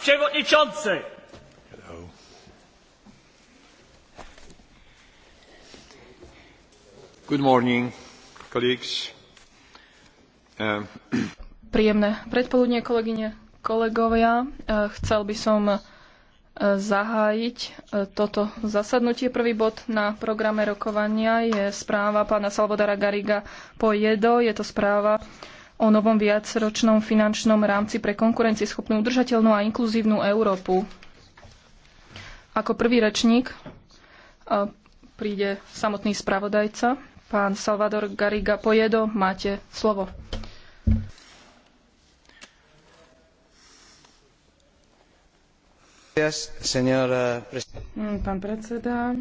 przewodniczący! Hello. Good morning, colleagues. Um, Príjemné predpoludnie, kolegyne, kolegovia. E, chcel by som e, zahájiť e, toto zasadnutie. Prvý bod na programe rokovania je správa pána Salvadora Gariga Pojedo. Je to správa o novom viacročnom finančnom rámci pre konkurencieschopnú, udržateľnú a inkluzívnu Európu. Ako prvý rečník e, príde samotný spravodajca, pán Salvador Gariga Pojedo. Máte slovo. Mm, pán predseda,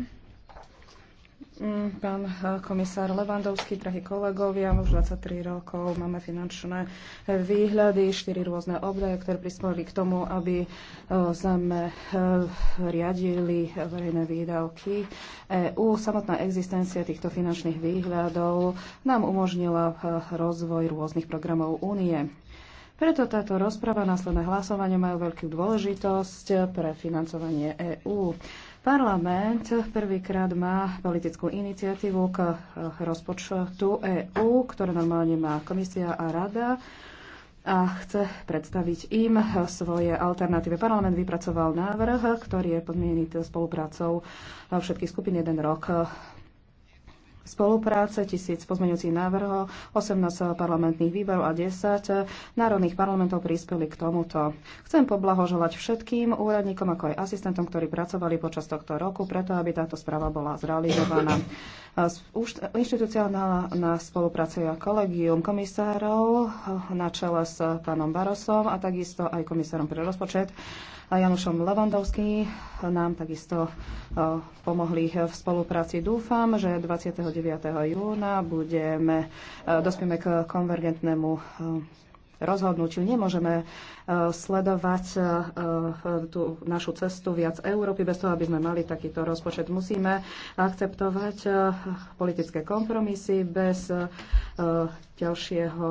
Mm, pán eh, komisár Levandovský, drahí kolegovia, už 23 rokov máme finančné eh, výhľady, štyri rôzne obdaje, ktoré prispeli k tomu, aby eh, sme riadili verejné výdavky. EU samotná existencia týchto finančných výhľadov nám umožnila rozvoj rôznych programov únie. Preto táto rozprava, následné hlasovanie majú veľkú dôležitosť pre financovanie EÚ. Parlament prvýkrát má politickú iniciatívu k rozpočtu EÚ, ktoré normálne má komisia a rada a chce predstaviť im svoje alternatívy. Parlament vypracoval návrh, ktorý je podmienit spoluprácou všetkých skupín jeden rok spolupráce, tisíc pozmeňujúcich návrhov, 18 parlamentných výborov a 10 národných parlamentov prispeli k tomuto. Chcem poblahoželať všetkým úradníkom, ako aj asistentom, ktorí pracovali počas tohto roku, preto aby táto správa bola zrealizovaná. Inštitucionálna spolupráca a kolegium komisárov na čele s pánom Barosom a takisto aj komisárom pre rozpočet a Janušom Lavandovským nám takisto e, pomohli v spolupráci. Dúfam, že 29. júna budeme, e, dospieme k konvergentnému e, rozhodnutiu. Nemôžeme sledovať tú našu cestu viac Európy bez toho, aby sme mali takýto rozpočet. Musíme akceptovať politické kompromisy bez ďalšieho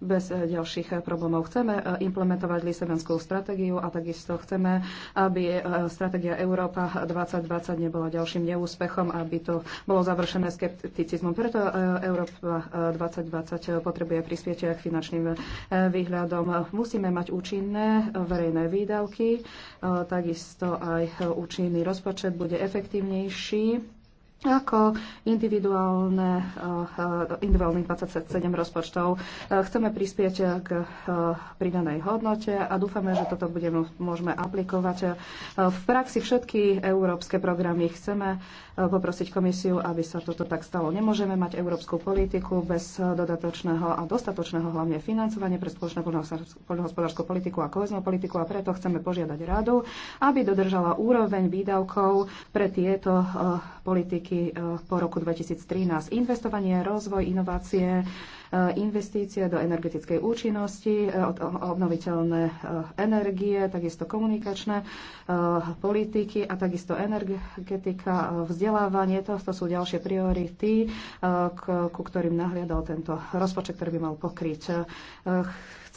bez eh, ďalších eh, problémov. Chceme eh, implementovať Lisabonskú stratégiu a takisto chceme, aby stratégia Európa 2020 nebola ďalším neúspechom, aby to bolo završené skepticizmom. Preto Európa 2020 potrebuje prispieť k finančným výhľadom. Musíme mať účinné verejné výdavky, takisto aj účinný rozpočet bude efektívnejší ako individuálne, eh, individuálnych 27 rozpočtov. Eh, chceme prispieť k eh, pridanej hodnote a dúfame, že toto budeme, môžeme aplikovať. V praxi všetky európske programy chceme poprosiť komisiu, aby sa toto tak stalo. Nemôžeme mať európsku politiku bez dodatočného a dostatočného hlavne financovania pre spoločnú poľnohospodárskú politiku a koheznú politiku a preto chceme požiadať radu, aby dodržala úroveň výdavkov pre tieto eh, politiky eh, po roku 2013. Investovanie, rozvoj, inovácie, Eh, investície do energetickej účinnosti, eh, obnoviteľné eh, energie, takisto komunikačné politiky a takisto energetika, vzdelávanie. To, to sú ďalšie priority, ku ktorým nahliadal tento rozpočet, ktorý by mal pokryť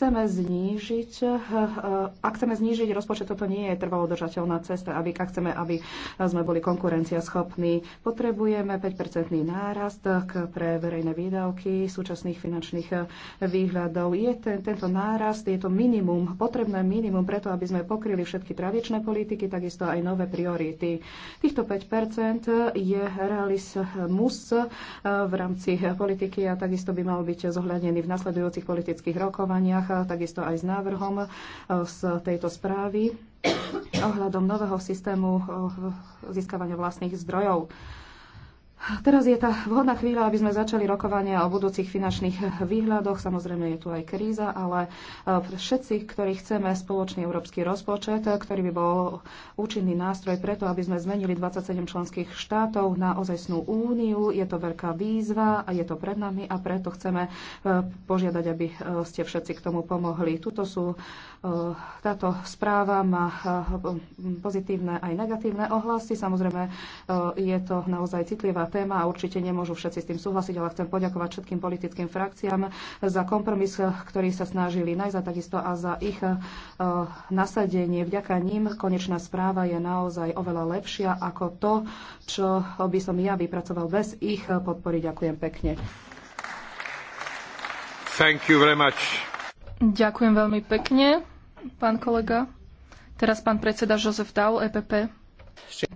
chceme znížiť, eh, eh, ak chceme znížiť rozpočet, toto nie je trvalo držateľná cesta, aby, ak chceme, aby eh, sme boli konkurenciaschopní. Potrebujeme 5-percentný nárast pre verejné výdavky súčasných finančných výhľadov. Je ten, tento nárast, je to minimum, potrebné minimum preto, aby sme pokryli všetky tradičné politiky, takisto aj nové priority. Týchto 5% je mus v rámci politiky a takisto by mal byť zohľadený v nasledujúcich politických rokovaniach takisto aj s návrhom e, z tejto správy ohľadom nového systému e, získavania vlastných zdrojov. Teraz je tá vhodná chvíľa, aby sme začali rokovania o budúcich finančných výhľadoch. Samozrejme je tu aj kríza, ale e, všetci, ktorí chceme spoločný európsky rozpočet, ktorý by bol účinný nástroj preto, aby sme zmenili 27 členských štátov na ozajstnú úniu, je to veľká výzva a je to pred nami a preto chceme e, požiadať, aby e, ste všetci k tomu pomohli. Tuto sú, táto správa má pozitívne aj negatívne ohlasy. Samozrejme je to naozaj citlivá téma a určite nemôžu všetci s tým súhlasiť, ale chcem poďakovať všetkým politickým frakciám za kompromis, ktorý sa snažili nájsť a takisto a za ich e, nasadenie. Vďaka ním konečná správa je naozaj oveľa lepšia ako to, čo by som ja vypracoval bez ich podpory. Ďakujem pekne. Thank you very much. Ďakujem veľmi pekne, pán kolega. Teraz pán predseda Jozef Dau, EPP.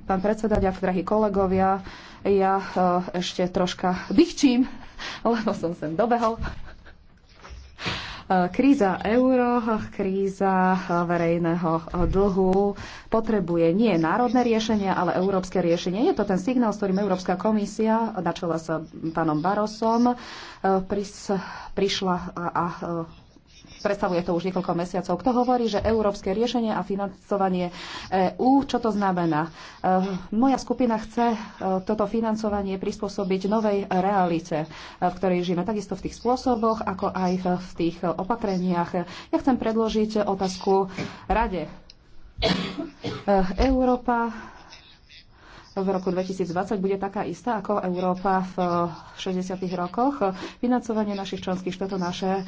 Pán predseda, ďak, drahí kolegovia, ja eh, ešte troška dýchčím, lebo som sem dobehol. Eh, kríza euro, kríza eh, verejného dlhu potrebuje nie národné riešenie, ale európske riešenie. Je to ten signál, s ktorým Európska komisia, načela sa pánom Barosom, prišla a predstavuje to už niekoľko mesiacov. Kto hovorí, že európske riešenie a financovanie EÚ, čo to znamená? E, moja skupina chce e, toto financovanie prispôsobiť novej realite, e, v ktorej žijeme, takisto v tých spôsoboch, ako aj v tých opatreniach. Ja chcem predložiť otázku Rade. Európa v roku 2020 bude taká istá ako Európa v 60. Eh, rokoch. Financovanie našich členských štátov, naše eh,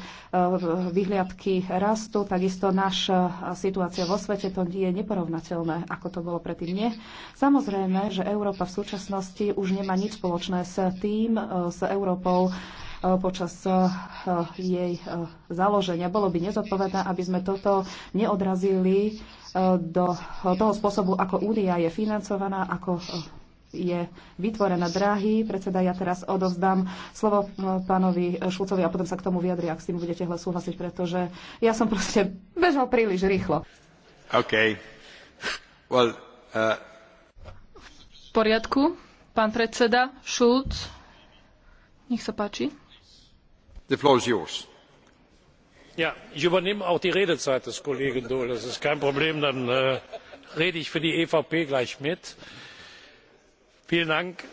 vyhliadky rastu, takisto naša situácia vo svete, to je neporovnateľné, ako to bolo predtým. Nie. Samozrejme, že Európa v súčasnosti už nemá nič spoločné s tým, eh, s Európou Eh, počas eh, jej eh, založenia. Bolo by nezodpovedné, aby sme toto neodrazili do toho spôsobu, ako únia je financovaná, ako je vytvorená. dráhy. predseda, ja teraz odovzdám slovo pánovi Šulcovi a potom sa k tomu vyjadri, ak s tým budete súhlasiť, pretože ja som proste bežal príliš rýchlo. OK. Well, uh... V poriadku. Pán predseda Šulc, nech sa páči ich übernehme auch die redezeit des kollegen daul das ist kein problem dann äh, rede ich für die evp gleich mit. vielen dank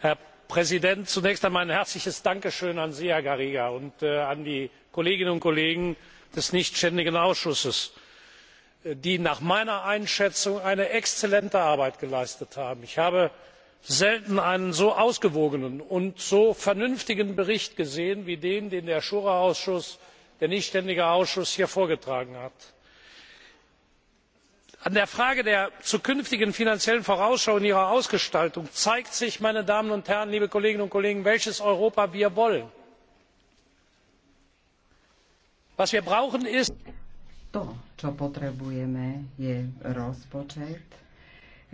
herr präsident! zunächst einmal ein herzliches dankeschön an sie herr garriga und äh, an die kolleginnen und kollegen des nicht ständigen ausschusses äh, die nach meiner einschätzung eine exzellente arbeit geleistet haben. ich habe selten einen so ausgewogenen und so vernünftigen bericht gesehen wie den den der sure ausschuss der nichtständige ausschuss hier vorgetragen hat. an der frage der zukünftigen finanziellen vorausschau und ihrer ausgestaltung zeigt sich meine damen und herren liebe kolleginnen und kollegen welches europa wir wollen. was wir brauchen ist to, čo potrebujeme, je rozpočet,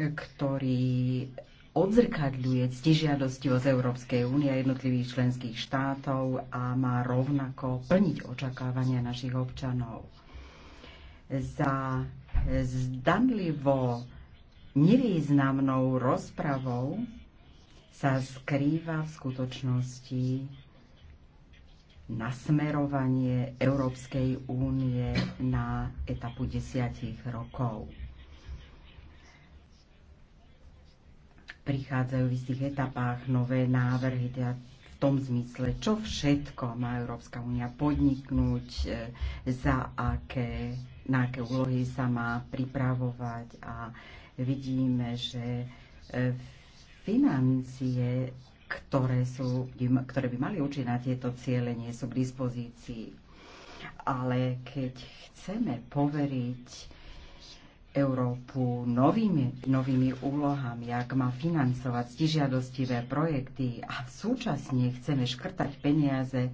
ktorý odzrkadľuje ctižiadostivosť Európskej únie a jednotlivých členských štátov a má rovnako plniť očakávania našich občanov. Za zdanlivo nevýznamnou rozpravou sa skrýva v skutočnosti nasmerovanie Európskej únie na etapu desiatich rokov prichádzajú v istých etapách nové návrhy, teda v tom zmysle, čo všetko má Európska únia podniknúť, e, za aké, na aké úlohy sa má pripravovať a vidíme, že e, financie, ktoré, sú, ktoré by mali určiť na tieto ciele, nie sú k dispozícii. Ale keď chceme poveriť Európu novými, novými úlohami, ak má financovať stižiadostivé projekty a súčasne chceme škrtať peniaze,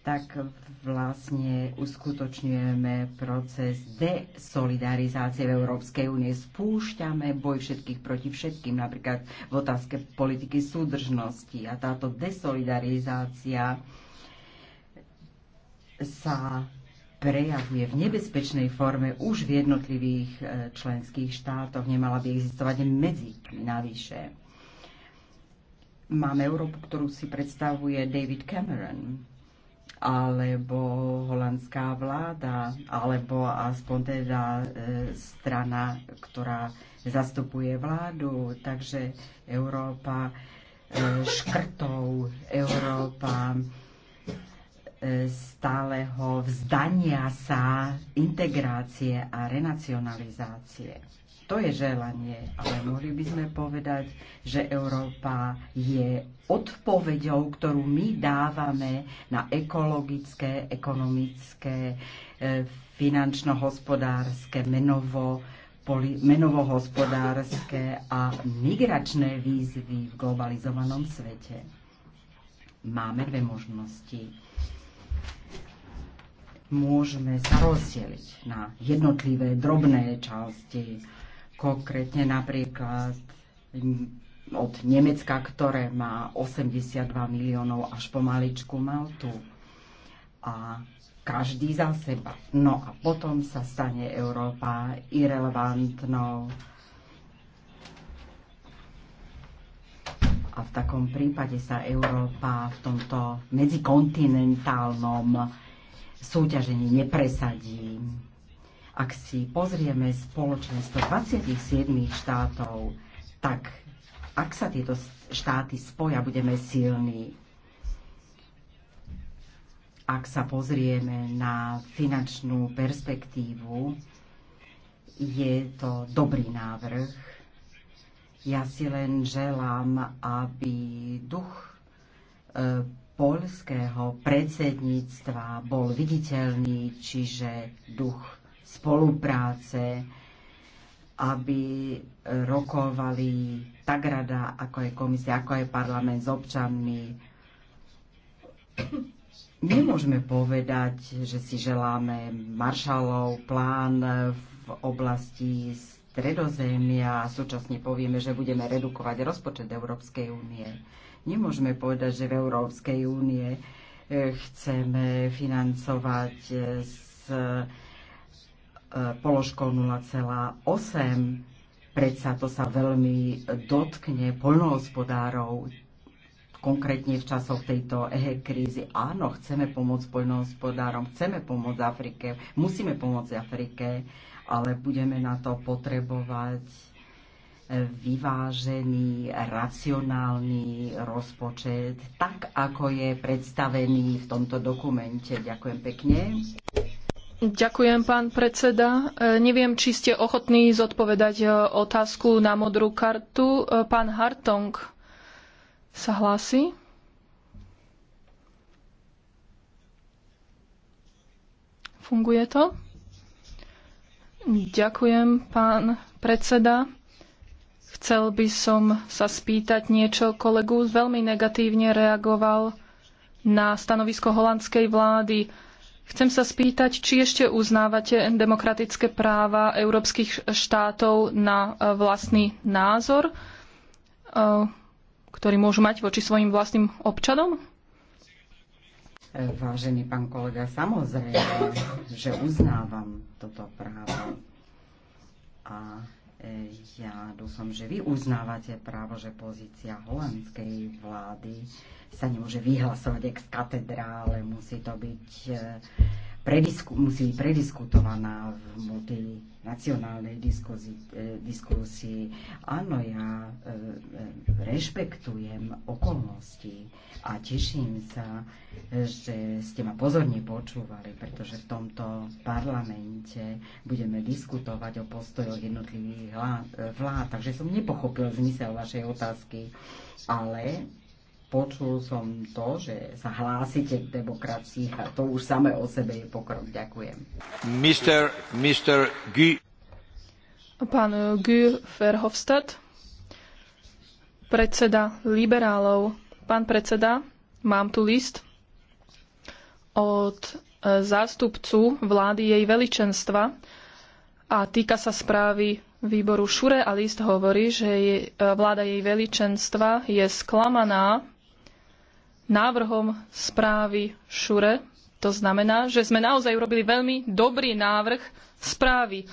tak vlastne uskutočňujeme proces desolidarizácie v Európskej únie. Spúšťame boj všetkých proti všetkým, napríklad v otázke politiky súdržnosti. A táto desolidarizácia sa prejavuje v nebezpečnej forme už v jednotlivých e, členských štátoch. Nemala by existovať medzi navyše. Máme Európu, ktorú si predstavuje David Cameron, alebo holandská vláda, alebo aspoň teda e, strana, ktorá zastupuje vládu. Takže Európa e, škrtov, Európa stáleho vzdania sa integrácie a renacionalizácie. To je želanie, ale mohli by sme povedať, že Európa je odpoveďou, ktorú my dávame na ekologické, ekonomické, e, finančno-hospodárske, menovo, poli, menovo-hospodárske a migračné výzvy v globalizovanom svete. Máme dve možnosti môžeme sa rozdeliť na jednotlivé drobné časti, konkrétne napríklad od Nemecka, ktoré má 82 miliónov až pomaličku Maltu. A každý za seba. No a potom sa stane Európa irrelevantnou. A v takom prípade sa Európa v tomto medzikontinentálnom súťaženie nepresadí. Ak si pozrieme spoločenstvo 27 štátov, tak ak sa tieto štáty spoja, budeme silní. Ak sa pozrieme na finančnú perspektívu, je to dobrý návrh. Ja si len želám, aby duch eh, polského predsedníctva bol viditeľný, čiže duch spolupráce, aby rokovali tak rada, ako je komisia, ako je parlament s občanmi. Nemôžeme povedať, že si želáme maršalov plán v oblasti stredozemia a súčasne povieme, že budeme redukovať rozpočet Európskej únie Nemôžeme povedať, že v Európskej únie eh, chceme financovať eh, s eh, položkou 0,8. Predsa to sa veľmi dotkne poľnohospodárov, konkrétne v časoch tejto ehe krízy. Áno, chceme pomôcť poľnohospodárom, chceme pomôcť Afrike, musíme pomôcť Afrike, ale budeme na to potrebovať vyvážený, racionálny rozpočet, tak ako je predstavený v tomto dokumente. Ďakujem pekne. Ďakujem, pán predseda. E, neviem, či ste ochotní zodpovedať e, otázku na modrú kartu. E, pán Hartong sa hlási. Funguje to? Ďakujem, pán predseda. Chcel by som sa spýtať niečo kolegu. Veľmi negatívne reagoval na stanovisko holandskej vlády. Chcem sa spýtať, či ešte uznávate demokratické práva európskych štátov na e, vlastný názor, e, ktorý môžu mať voči svojim vlastným občanom? E, vážený pán kolega, samozrejme, že uznávam toto právo. A ja dúfam, že vy uznávate právo, že pozícia holandskej vlády sa nemôže vyhlasovať ex ale musí to byť e, predisku, musí byť prediskutovaná v multinacionálnej e, diskusii. Áno, ja e, rešpektujem okolnosti a teším sa, že ste ma pozorne počúvali, pretože v tomto parlamente budeme diskutovať o postojoch jednotlivých vlád, vlád takže som nepochopil zmysel vašej otázky, ale Počul som to, že sa hlásite k demokracii a to už samé o sebe je pokrok. Ďakujem. Mr. Mr. Guy. Pán Guy Verhofstadt, predseda liberálov. Pán predseda, mám tu list od zástupcu vlády jej veličenstva a týka sa správy výboru Šure a list hovorí, že vláda jej veličenstva je sklamaná návrhom správy Šure. To znamená, že sme naozaj urobili veľmi dobrý návrh správy.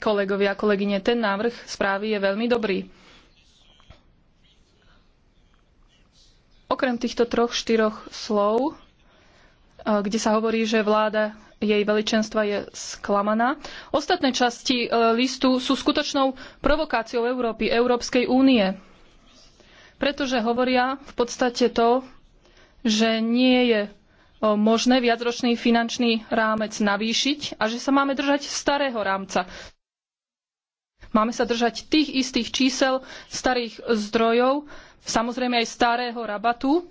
Kolegovia a kolegyne, ten návrh správy je veľmi dobrý. Okrem týchto troch, štyroch slov, eh, kde sa hovorí, že vláda jej veličenstva je sklamaná. Ostatné časti eh, listu sú skutočnou provokáciou Európy, Európskej únie, pretože hovoria v podstate to, že nie je možné viacročný finančný rámec navýšiť a že sa máme držať starého rámca. Máme sa držať tých istých čísel, starých zdrojov, samozrejme aj starého rabatu,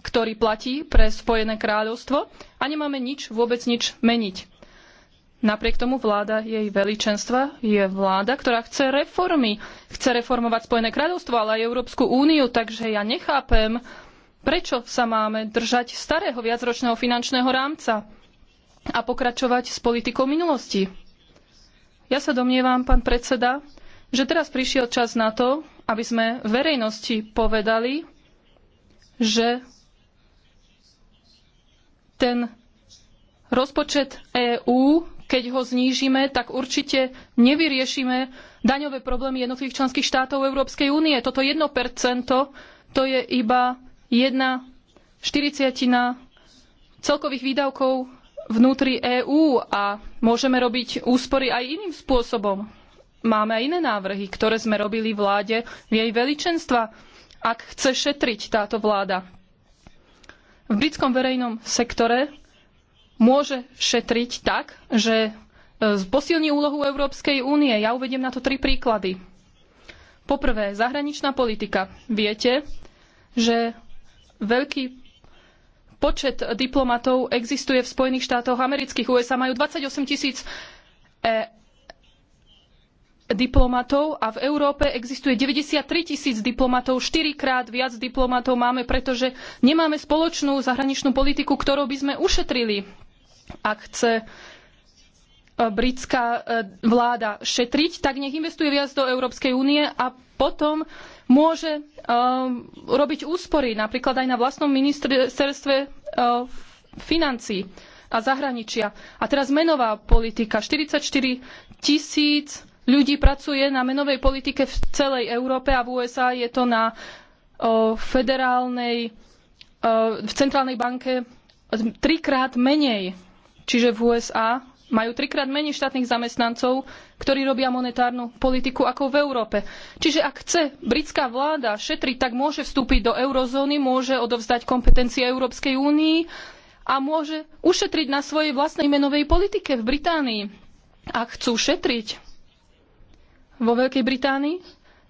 ktorý platí pre Spojené kráľovstvo a nemáme nič, vôbec nič meniť. Napriek tomu vláda jej veličenstva je vláda, ktorá chce reformy. Chce reformovať Spojené kráľovstvo, ale aj Európsku úniu, takže ja nechápem, Prečo sa máme držať starého viacročného finančného rámca a pokračovať s politikou minulosti? Ja sa domnievam, pán predseda, že teraz prišiel čas na to, aby sme verejnosti povedali, že ten rozpočet EÚ, keď ho znížime, tak určite nevyriešime daňové problémy jednotlivých členských štátov Európskej únie. Toto 1% to je iba jedna štyriciatina celkových výdavkov vnútri EÚ a môžeme robiť úspory aj iným spôsobom. Máme aj iné návrhy, ktoré sme robili vláde v jej veličenstva, ak chce šetriť táto vláda. V britskom verejnom sektore môže šetriť tak, že e, posilní úlohu Európskej únie. Ja uvediem na to tri príklady. Poprvé, zahraničná politika. Viete, že veľký počet diplomatov existuje v Spojených štátoch amerických. USA majú 28 tisíc e, diplomatov a v Európe existuje 93 tisíc diplomatov, štyrikrát viac diplomatov máme, pretože nemáme spoločnú zahraničnú politiku, ktorou by sme ušetrili, ak chce e, britská e, vláda šetriť, tak nech investuje viac do Európskej únie a potom môže um, robiť úspory napríklad aj na vlastnom ministerstve um, financií a zahraničia. A teraz menová politika. 44 tisíc ľudí pracuje na menovej politike v celej Európe a v USA je to na federálnej, v centrálnej banke trikrát menej. Čiže v USA majú trikrát menej štátnych zamestnancov, ktorí robia monetárnu politiku ako v Európe. Čiže ak chce britská vláda šetriť, tak môže vstúpiť do eurozóny, môže odovzdať kompetencie Európskej únii a môže ušetriť na svojej vlastnej menovej politike v Británii. Ak chcú šetriť vo Veľkej Británii,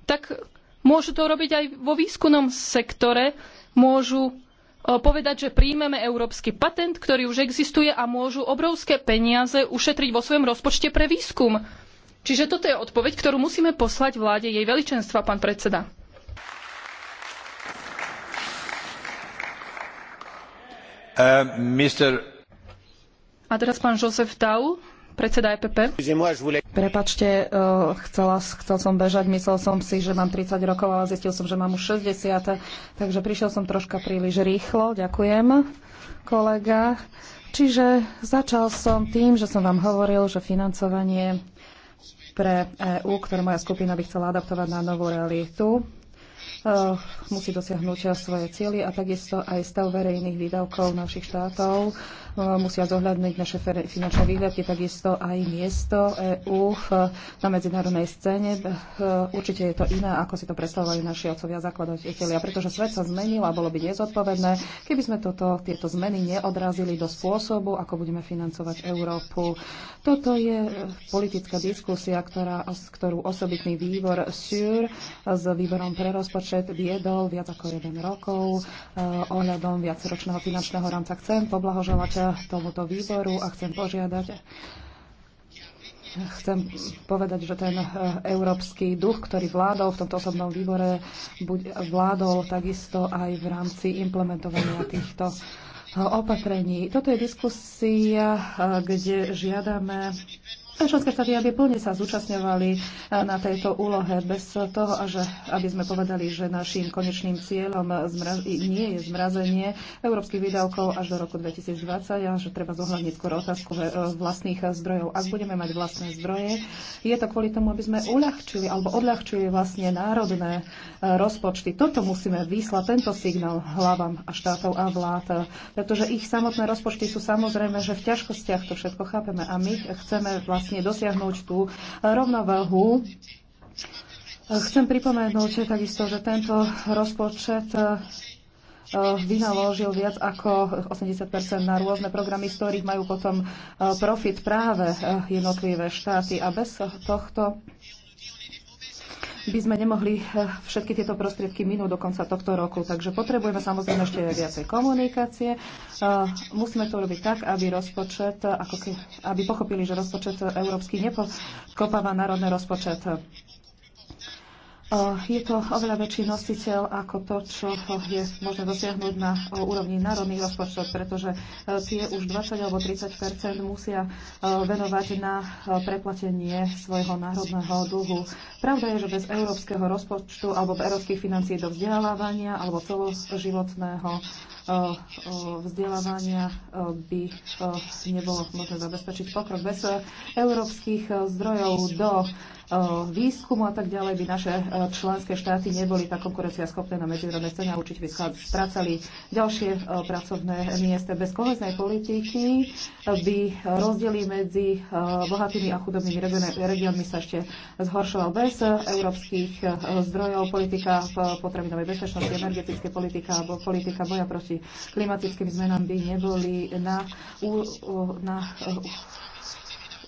tak môžu to robiť aj vo výskumnom sektore, môžu E, povedať, že príjmeme európsky patent, ktorý už existuje a môžu obrovské peniaze ušetriť vo svojom rozpočte pre výskum. Čiže toto je odpoveď, ktorú musíme poslať vláde jej veličenstva, pán predseda. Uh, mister... A teraz pán Josef Tau predseda EPP. Prepačte, eh, chcela, chcel som bežať, myslel som si, že mám 30 rokov, ale zistil som, že mám už 60, takže prišiel som troška príliš rýchlo. Ďakujem, kolega. Čiže začal som tým, že som vám hovoril, že financovanie pre EÚ, ktoré moja skupina by chcela adaptovať na novú realitu, eh, musí dosiahnuť svoje cieľy a takisto aj stav verejných výdavkov našich štátov Eh, musia zohľadniť naše finančné výhľadky, takisto aj miesto EÚ eh, na medzinárodnej scéne. Eh, určite je to iné, ako si to predstavovali naši otcovia zakladateľia, pretože svet sa zmenil a bolo by nezodpovedné, keby sme toto, tieto zmeny neodrazili do spôsobu, ako budeme financovať Európu. Toto je politická diskusia, ktorá, ktorú osobitný výbor SUR s výborom pre rozpočet viedol viac ako jeden rokov ohľadom viaceročného finančného rámca. Chcem poblahoželať tomuto výboru a chcem požiadať, chcem povedať, že ten eh, európsky duch, ktorý vládol v tomto osobnom výbore, vládol takisto aj v rámci implementovania týchto eh, opatrení. Toto je diskusia, eh, kde žiadame členské štáty, aby plne sa zúčastňovali e, na tejto úlohe bez toho, že, aby sme povedali, že našim konečným cieľom zmraz, nie je zmrazenie európskych výdavkov až do roku 2020 a že treba zohľadniť skôr otázku e, vlastných zdrojov. Ak budeme mať vlastné zdroje, je to kvôli tomu, aby sme uľahčili alebo odľahčili vlastne národné e, rozpočty. Toto musíme vyslať, tento signál hlavám a štátov a vlád, pretože ich samotné rozpočty sú samozrejme, že v ťažkostiach to všetko chápeme a my chceme vlastne vlastne dosiahnuť tú rovnovahu. Chcem pripomenúť že takisto, že tento rozpočet eh, vynaložil viac ako 80 na rôzne programy, z ktorých majú potom eh, profit práve eh, jednotlivé štáty. A bez tohto by sme nemohli eh, všetky tieto prostriedky minúť do konca tohto roku. Takže potrebujeme samozrejme ešte viacej komunikácie. Eh, musíme to robiť tak, aby rozpočet, ako ke, aby pochopili, že rozpočet európsky nepokopáva národný rozpočet. E, je to oveľa väčší nositeľ ako to, čo je možné dosiahnuť na e, úrovni národných rozpočtov, pretože e, tie už 20 alebo 30 musia venovať na preplatenie svojho národného dlhu. Pravda je, že bez európskeho rozpočtu alebo európskych financií do vzdelávania alebo celoživotného vzdelávania by nebolo možné zabezpečiť pokrok. Bez európskych zdrojov do výskumu a tak ďalej by naše e, členské štáty neboli tak schopné na medzinárodnej scéne a určite by strácali ďalšie e, pracovné miesta. Bez koheznej politiky e, by rozdiely medzi bohatými a chudobnými regiónmi sa ešte zhoršoval. Bez európskych zdrojov politika v potravinovej bezpečnosti, energetické politika alebo politika boja proti klimatickým zmenám by neboli na, na, na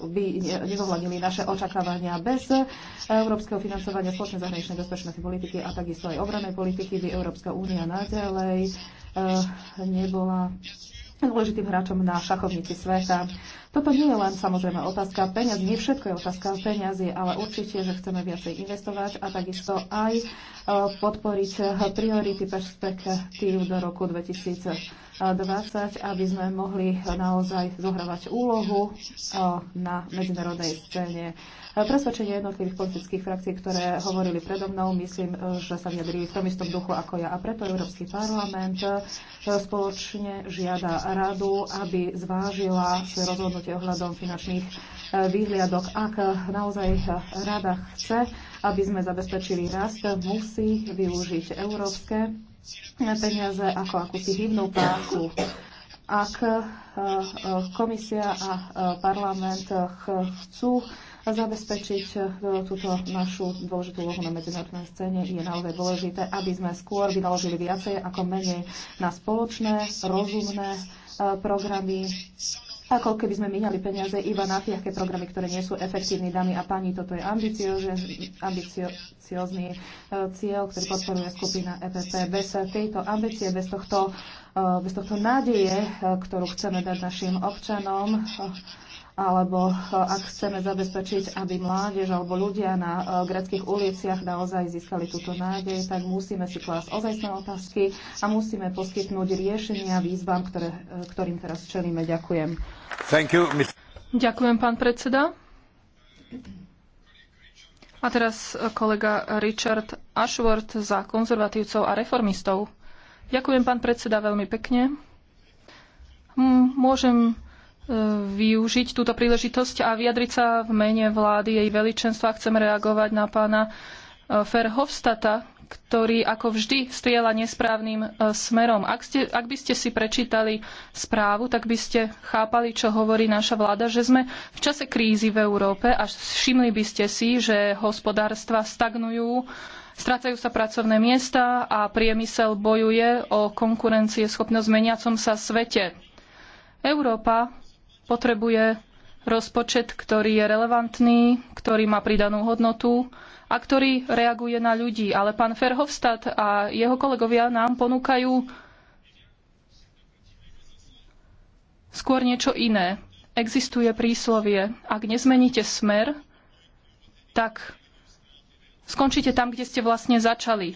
by nezohľadnili naše očakávania. Bez eh, európskeho financovania spoločnej zahraničnej bezpečnosti politiky a takisto aj obranej politiky by Európska únia naďalej eh, nebola dôležitým hráčom na šachovnici sveta. Toto nie je len samozrejme otázka peniaz, nie všetko je otázka peniazy, ale určite, že chceme viacej investovať a takisto aj eh, podporiť priority perspektív do roku 2000 20, aby sme mohli naozaj zohrávať úlohu eh, na medzinárodnej scéne. Presvedčenie jednotlivých politických frakcií, ktoré hovorili predo mnou, myslím, že sa vyjadrili v tom istom duchu ako ja. A preto Európsky parlament eh, spoločne žiada radu, aby zvážila svoje rozhodnutie ohľadom finančných eh, výhliadok. Ak naozaj rada chce, aby sme zabezpečili rast, musí využiť európske peniaze ako akúsi hybnú páku. Ak eh, eh, komisia a eh, parlament chcú zabezpečiť túto našu dôležitú úlohu na medzinárodnej scéne, je naozaj dôležité, aby sme skôr vynaložili viacej ako menej na spoločné, rozumné programy ako keby sme minali peniaze iba na tie programy, ktoré nie sú efektívne, dámy a páni. Toto je ambiciózny e, cieľ, ktorý podporuje skupina EPP. Bez tejto ambície, bez tohto, e, bez tohto nádeje, e, ktorú chceme dať našim občanom, alebo ak chceme zabezpečiť, aby mládež alebo ľudia na greckých uliciach naozaj získali túto nádej, tak musíme si klásť ozajstné otázky a musíme poskytnúť riešenia výzvam, ktoré, ktorým teraz čelíme. Ďakujem. Ďakujem, pán predseda. A teraz eh, kolega Richard Ashworth za konzervatívcov a reformistov. Ďakujem, pán predseda, veľmi pekne. Môžem eh, využiť túto príležitosť a vyjadriť sa v mene vlády jej veličenstva. Chcem reagovať na pána Ferhovstata, eh, ktorý ako vždy striela nesprávnym e, smerom. Ak, ste, ak by ste si prečítali správu, tak by ste chápali, čo hovorí naša vláda, že sme v čase krízy v Európe a všimli by ste si, že hospodárstva stagnujú, strácajú sa pracovné miesta a priemysel bojuje o konkurencieschopnosť v meniacom sa svete. Európa potrebuje rozpočet, ktorý je relevantný, ktorý má pridanú hodnotu, a ktorý reaguje na ľudí. Ale pán Ferhovstad a jeho kolegovia nám ponúkajú skôr niečo iné. Existuje príslovie, ak nezmeníte smer, tak skončíte tam, kde ste vlastne začali.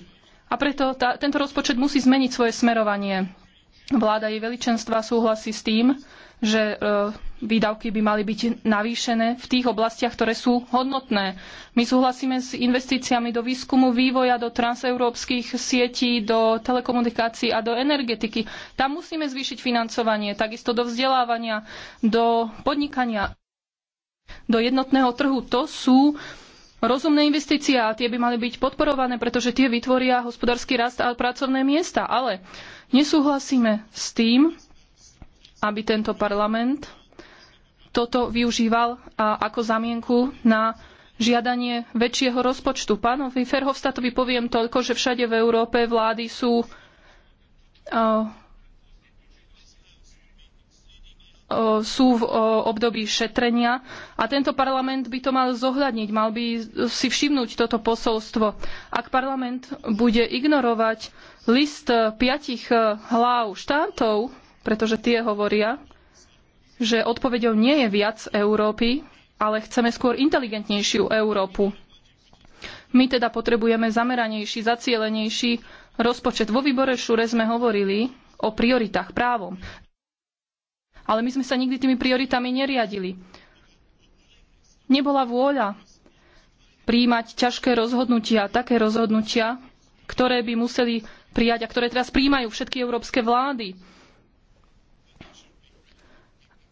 A preto tá, tento rozpočet musí zmeniť svoje smerovanie. Vláda jej veličenstva súhlasí s tým, že e, výdavky by mali byť navýšené v tých oblastiach, ktoré sú hodnotné. My súhlasíme s investíciami do výskumu, vývoja, do transeurópskych sietí, do telekomunikácií a do energetiky. Tam musíme zvýšiť financovanie, takisto do vzdelávania, do podnikania, do jednotného trhu. To sú rozumné investície a tie by mali byť podporované, pretože tie vytvoria hospodársky rast a pracovné miesta. Ale nesúhlasíme s tým, aby tento parlament toto využíval ako zamienku na žiadanie väčšieho rozpočtu. Pánovi Ferhovstatovi poviem toľko, že všade v Európe vlády sú eh, eh, sú v eh, období šetrenia a tento parlament by to mal zohľadniť, mal by si všimnúť toto posolstvo. Ak parlament bude ignorovať list piatich hlav štátov, pretože tie hovoria, že odpoveďou nie je viac Európy, ale chceme skôr inteligentnejšiu Európu. My teda potrebujeme zameranejší, zacielenejší rozpočet. Vo výbore Šure sme hovorili o prioritách právom. Ale my sme sa nikdy tými prioritami neriadili. Nebola vôľa príjmať ťažké rozhodnutia, také rozhodnutia, ktoré by museli prijať a ktoré teraz príjmajú všetky európske vlády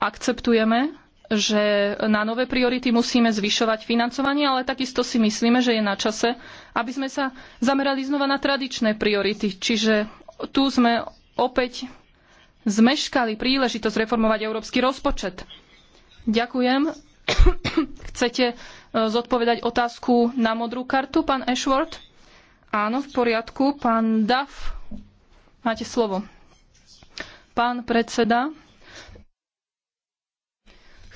akceptujeme, že na nové priority musíme zvyšovať financovanie, ale takisto si myslíme, že je na čase, aby sme sa zamerali znova na tradičné priority. Čiže tu sme opäť zmeškali príležitosť reformovať európsky rozpočet. Ďakujem. Chcete eh, zodpovedať otázku na modrú kartu, pán Ashworth? Áno, v poriadku. Pán Duff, máte slovo. Pán predseda,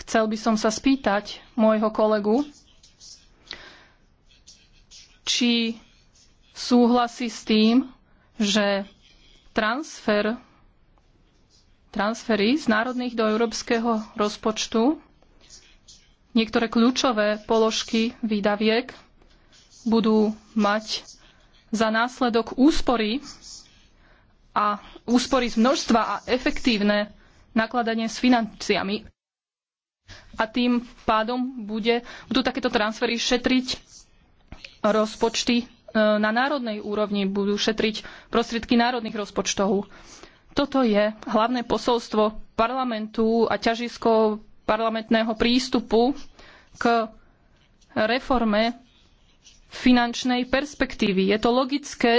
Chcel by som sa spýtať môjho kolegu, či súhlasí s tým, že transfer, transfery z národných do európskeho rozpočtu, niektoré kľúčové položky výdaviek budú mať za následok úspory a úspory z množstva a efektívne nakladanie s financiami a tým pádom bude, budú takéto transfery šetriť rozpočty e, na národnej úrovni, budú šetriť prostriedky národných rozpočtov. Toto je hlavné posolstvo parlamentu a ťažisko parlamentného prístupu k reforme finančnej perspektívy. Je to logické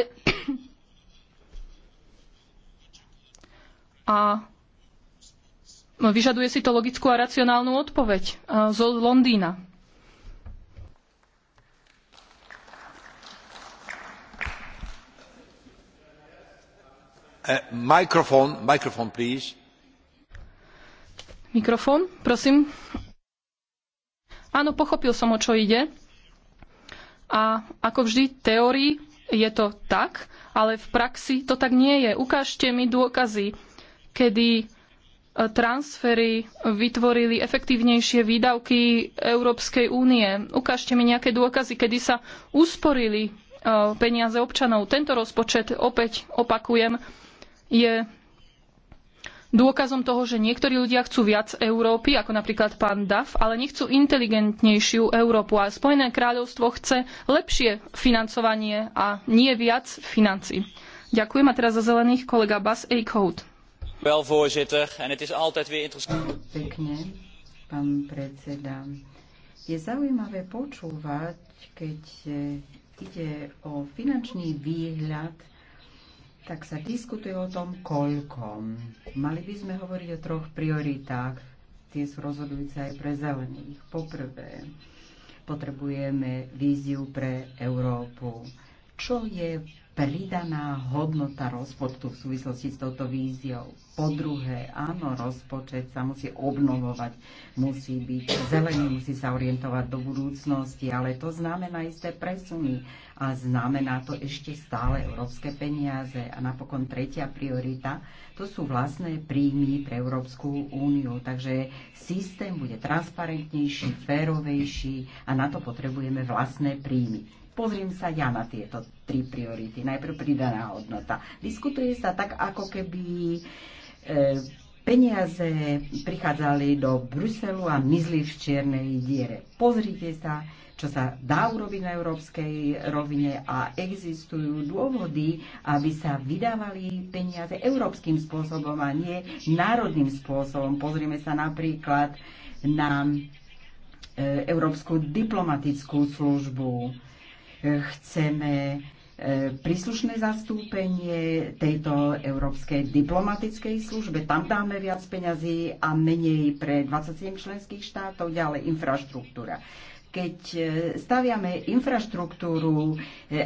a No, vyžaduje si to logickú a racionálnu odpoveď z Londýna. Eh, mikrofón, mikrofón, mikrofón, prosím. Áno, pochopil som, o čo ide. A ako vždy, teórii je to tak, ale v praxi to tak nie je. Ukážte mi dôkazy, kedy transfery vytvorili efektívnejšie výdavky Európskej únie. Ukážte mi nejaké dôkazy, kedy sa usporili e, peniaze občanov. Tento rozpočet, opäť opakujem, je dôkazom toho, že niektorí ľudia chcú viac Európy, ako napríklad pán Duff, ale nechcú inteligentnejšiu Európu. A Spojené kráľovstvo chce lepšie financovanie a nie viac financí. Ďakujem a teraz za zelených kolega Bas Eichhout. Pekne, pán predseda. Je zaujímavé počúvať, keď e, ide o finančný výhľad, tak sa diskutuje o tom, koľkom. Mali by sme hovoriť o troch prioritách. Tie sú rozhodujúce aj pre zelených. Poprvé, potrebujeme víziu pre Európu. Čo je pridaná hodnota rozpočtu v súvislosti s touto víziou. Po druhé, áno, rozpočet sa musí obnovovať, musí byť zelený, musí sa orientovať do budúcnosti, ale to znamená isté presuny a znamená to ešte stále európske peniaze. A napokon tretia priorita, to sú vlastné príjmy pre Európsku úniu. Takže systém bude transparentnejší, férovejší a na to potrebujeme vlastné príjmy. Pozriem sa ja na tieto tri priority. Najprv pridaná hodnota. Diskutuje sa tak, ako keby e, peniaze prichádzali do Bruselu a mizli v čiernej diere. Pozrite sa, čo sa dá urobiť na európskej rovine a existujú dôvody, aby sa vydávali peniaze európskym spôsobom a nie národným spôsobom. Pozrieme sa napríklad na e, Európsku diplomatickú službu Chceme e, príslušné zastúpenie tejto európskej diplomatickej službe. Tam dáme viac peňazí a menej pre 27 členských štátov, ďalej infraštruktúra keď e, staviame infraštruktúru, e,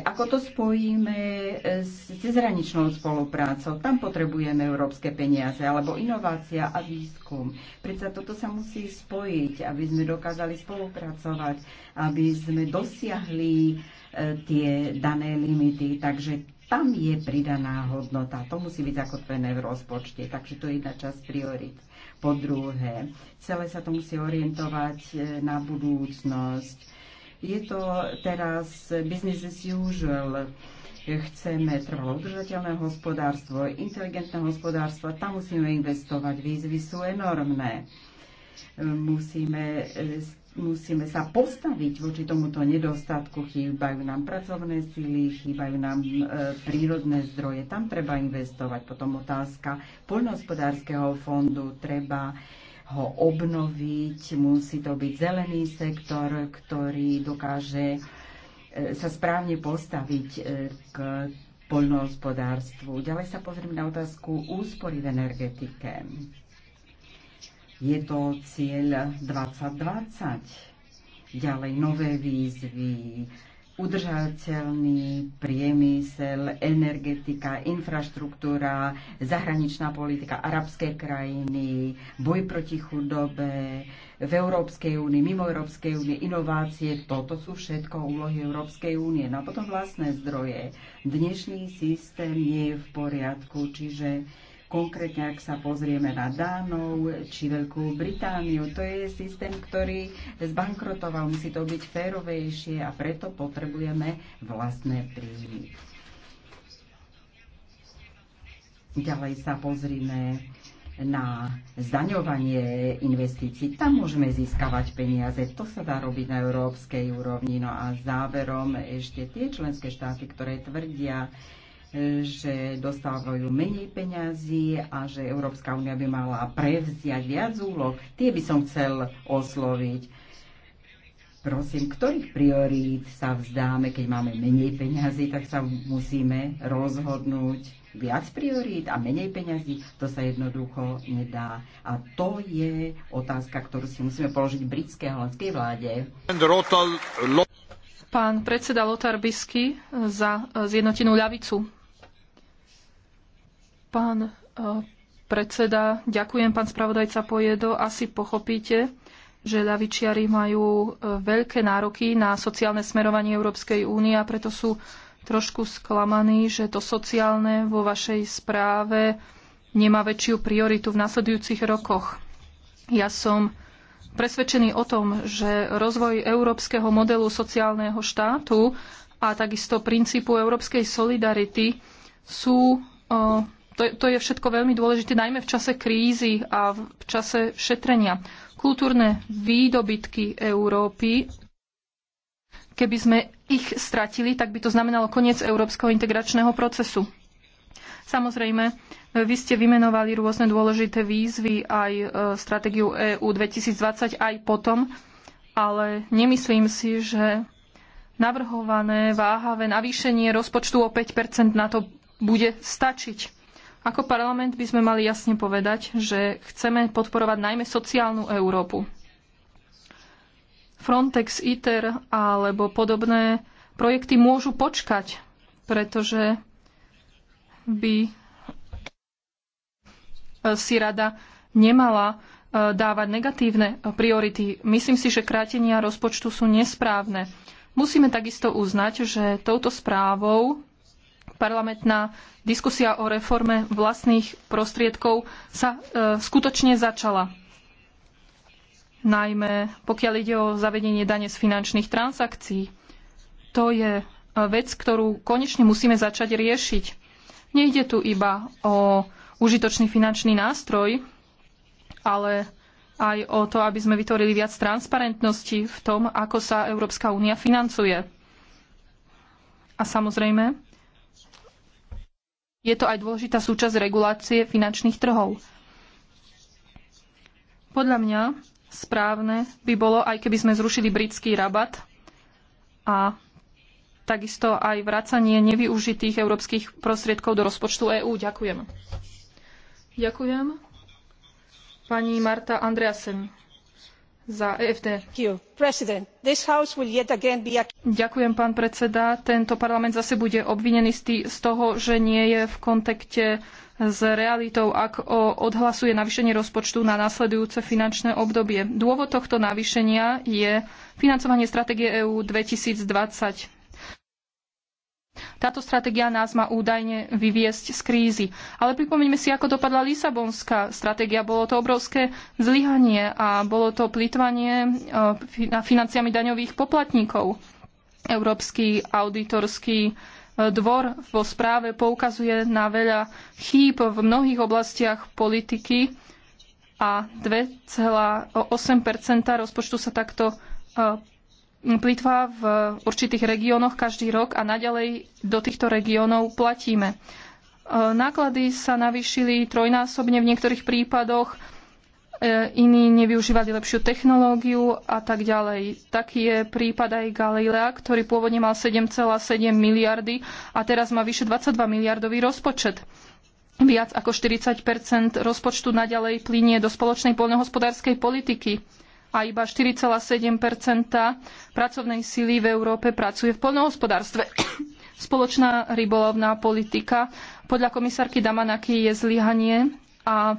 ako to spojíme e, s cezhraničnou spoluprácou, tam potrebujeme európske peniaze, alebo inovácia a výskum. Predsa toto sa musí spojiť, aby sme dokázali spolupracovať, aby sme dosiahli tie dané limity. Takže tam je pridaná hodnota. To musí byť zakotvené v rozpočte, takže to je jedna časť priorit. Po druhé, celé sa to musí orientovať e, na budúcnosť. Je to teraz business as usual chceme trvalo udržateľné hospodárstvo, inteligentné hospodárstvo, tam musíme investovať. Výzvy sú enormné. E, musíme e, musíme sa postaviť voči tomuto nedostatku. Chýbajú nám pracovné síly, chýbajú nám e, prírodné zdroje, tam treba investovať. Potom otázka poľnohospodárskeho fondu, treba ho obnoviť, musí to byť zelený sektor, ktorý dokáže e, sa správne postaviť e, k poľnohospodárstvu. Ďalej sa pozrieme na otázku úspory v energetike je to cieľ 2020. Ďalej nové výzvy, udržateľný priemysel, energetika, infraštruktúra, zahraničná politika, arabské krajiny, boj proti chudobe, v Európskej únii, mimo Európskej únie, inovácie, toto sú všetko úlohy Európskej únie. No a potom vlastné zdroje. Dnešný systém nie je v poriadku, čiže Konkrétne, ak sa pozrieme na Dánov či Veľkú Britániu, to je systém, ktorý zbankrotoval. Musí to byť férovejšie a preto potrebujeme vlastné príjmy. Ďalej sa pozrime na zdaňovanie investícií. Tam môžeme získavať peniaze. To sa dá robiť na európskej úrovni. No a záverom ešte tie členské štáty, ktoré tvrdia, že dostávajú menej peňazí a že Európska únia by mala prevziať viac úloh. Tie by som chcel osloviť. Prosím, ktorých priorít sa vzdáme, keď máme menej peňazí, tak sa musíme rozhodnúť viac priorít a menej peňazí, to sa jednoducho nedá. A to je otázka, ktorú si musíme položiť britskej a holandskej vláde. Pán predseda Lotar Bisky za zjednotenú ľavicu. Pán e, predseda, ďakujem, pán spravodajca Pojedo. Asi pochopíte, že ľavičiari majú e, veľké nároky na sociálne smerovanie Európskej únie a preto sú trošku sklamaní, že to sociálne vo vašej správe nemá väčšiu prioritu v nasledujúcich rokoch. Ja som presvedčený o tom, že rozvoj európskeho modelu sociálneho štátu a takisto princípu európskej solidarity sú e, to, to je všetko veľmi dôležité, najmä v čase krízy a v čase šetrenia. Kultúrne výdobytky Európy, keby sme ich stratili, tak by to znamenalo koniec európskeho integračného procesu. Samozrejme, vy ste vymenovali rôzne dôležité výzvy aj e, stratégiu EU 2020 aj potom, ale nemyslím si, že navrhované váhavé navýšenie rozpočtu o 5 na to bude stačiť. Ako parlament by sme mali jasne povedať, že chceme podporovať najmä sociálnu Európu. Frontex, ITER alebo podobné projekty môžu počkať, pretože by si rada nemala e, dávať negatívne priority. Myslím si, že krátenia rozpočtu sú nesprávne. Musíme takisto uznať, že touto správou parlamentná diskusia o reforme vlastných prostriedkov sa e, skutočne začala. Najmä pokiaľ ide o zavedenie dane z finančných transakcií. To je e, vec, ktorú konečne musíme začať riešiť. Nejde tu iba o užitočný finančný nástroj, ale aj o to, aby sme vytvorili viac transparentnosti v tom, ako sa Európska únia financuje. A samozrejme, je to aj dôležitá súčasť regulácie finančných trhov. Podľa mňa správne by bolo, aj keby sme zrušili britský rabat a takisto aj vracanie nevyužitých európskych prostriedkov do rozpočtu EÚ. Ďakujem. Ďakujem. Pani Marta Andreasen. E Ďakujem, pán predseda. Tento parlament zase bude obvinený z toho, že nie je v kontakte s realitou, ak odhlasuje navýšenie rozpočtu na nasledujúce finančné obdobie. Dôvod tohto navýšenia je financovanie stratégie EÚ 2020. Táto stratégia nás má údajne vyviesť z krízy. Ale pripomeňme si, ako dopadla Lisabonská stratégia. Bolo to obrovské zlyhanie a bolo to plýtvanie e, financiami daňových poplatníkov. Európsky auditorský e, dvor vo správe poukazuje na veľa chýb v mnohých oblastiach politiky a 2,8 rozpočtu sa takto e, plitva v určitých regiónoch každý rok a naďalej do týchto regiónov platíme. E, náklady sa navýšili trojnásobne v niektorých prípadoch, e, iní nevyužívali lepšiu technológiu a tak ďalej. Taký je prípad aj Galilea, ktorý pôvodne mal 7,7 miliardy a teraz má vyše 22 miliardový rozpočet. Viac ako 40 rozpočtu naďalej plinie do spoločnej poľnohospodárskej politiky a iba 4,7 pracovnej síly v Európe pracuje v poľnohospodárstve. Spoločná rybolovná politika podľa komisárky Damanaky je zlyhanie a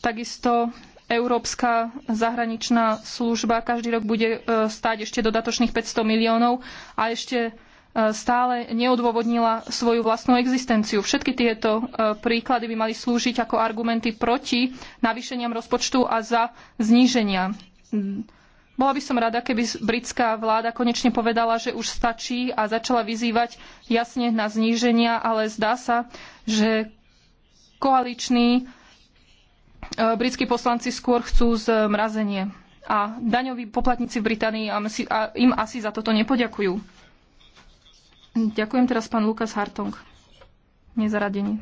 takisto Európska zahraničná služba každý rok bude e, stáť ešte dodatočných 500 miliónov a ešte stále neodôvodnila svoju vlastnú existenciu. Všetky tieto e, príklady by mali slúžiť ako argumenty proti navýšeniam rozpočtu a za zníženia. Bola by som rada, keby britská vláda konečne povedala, že už stačí a začala vyzývať jasne na zníženia, ale zdá sa, že koaliční e, britskí poslanci skôr chcú zmrazenie. A daňoví poplatníci v Británii im asi za toto nepoďakujú. Ďakujem teraz pán Lukas Hartong. Nezaradení.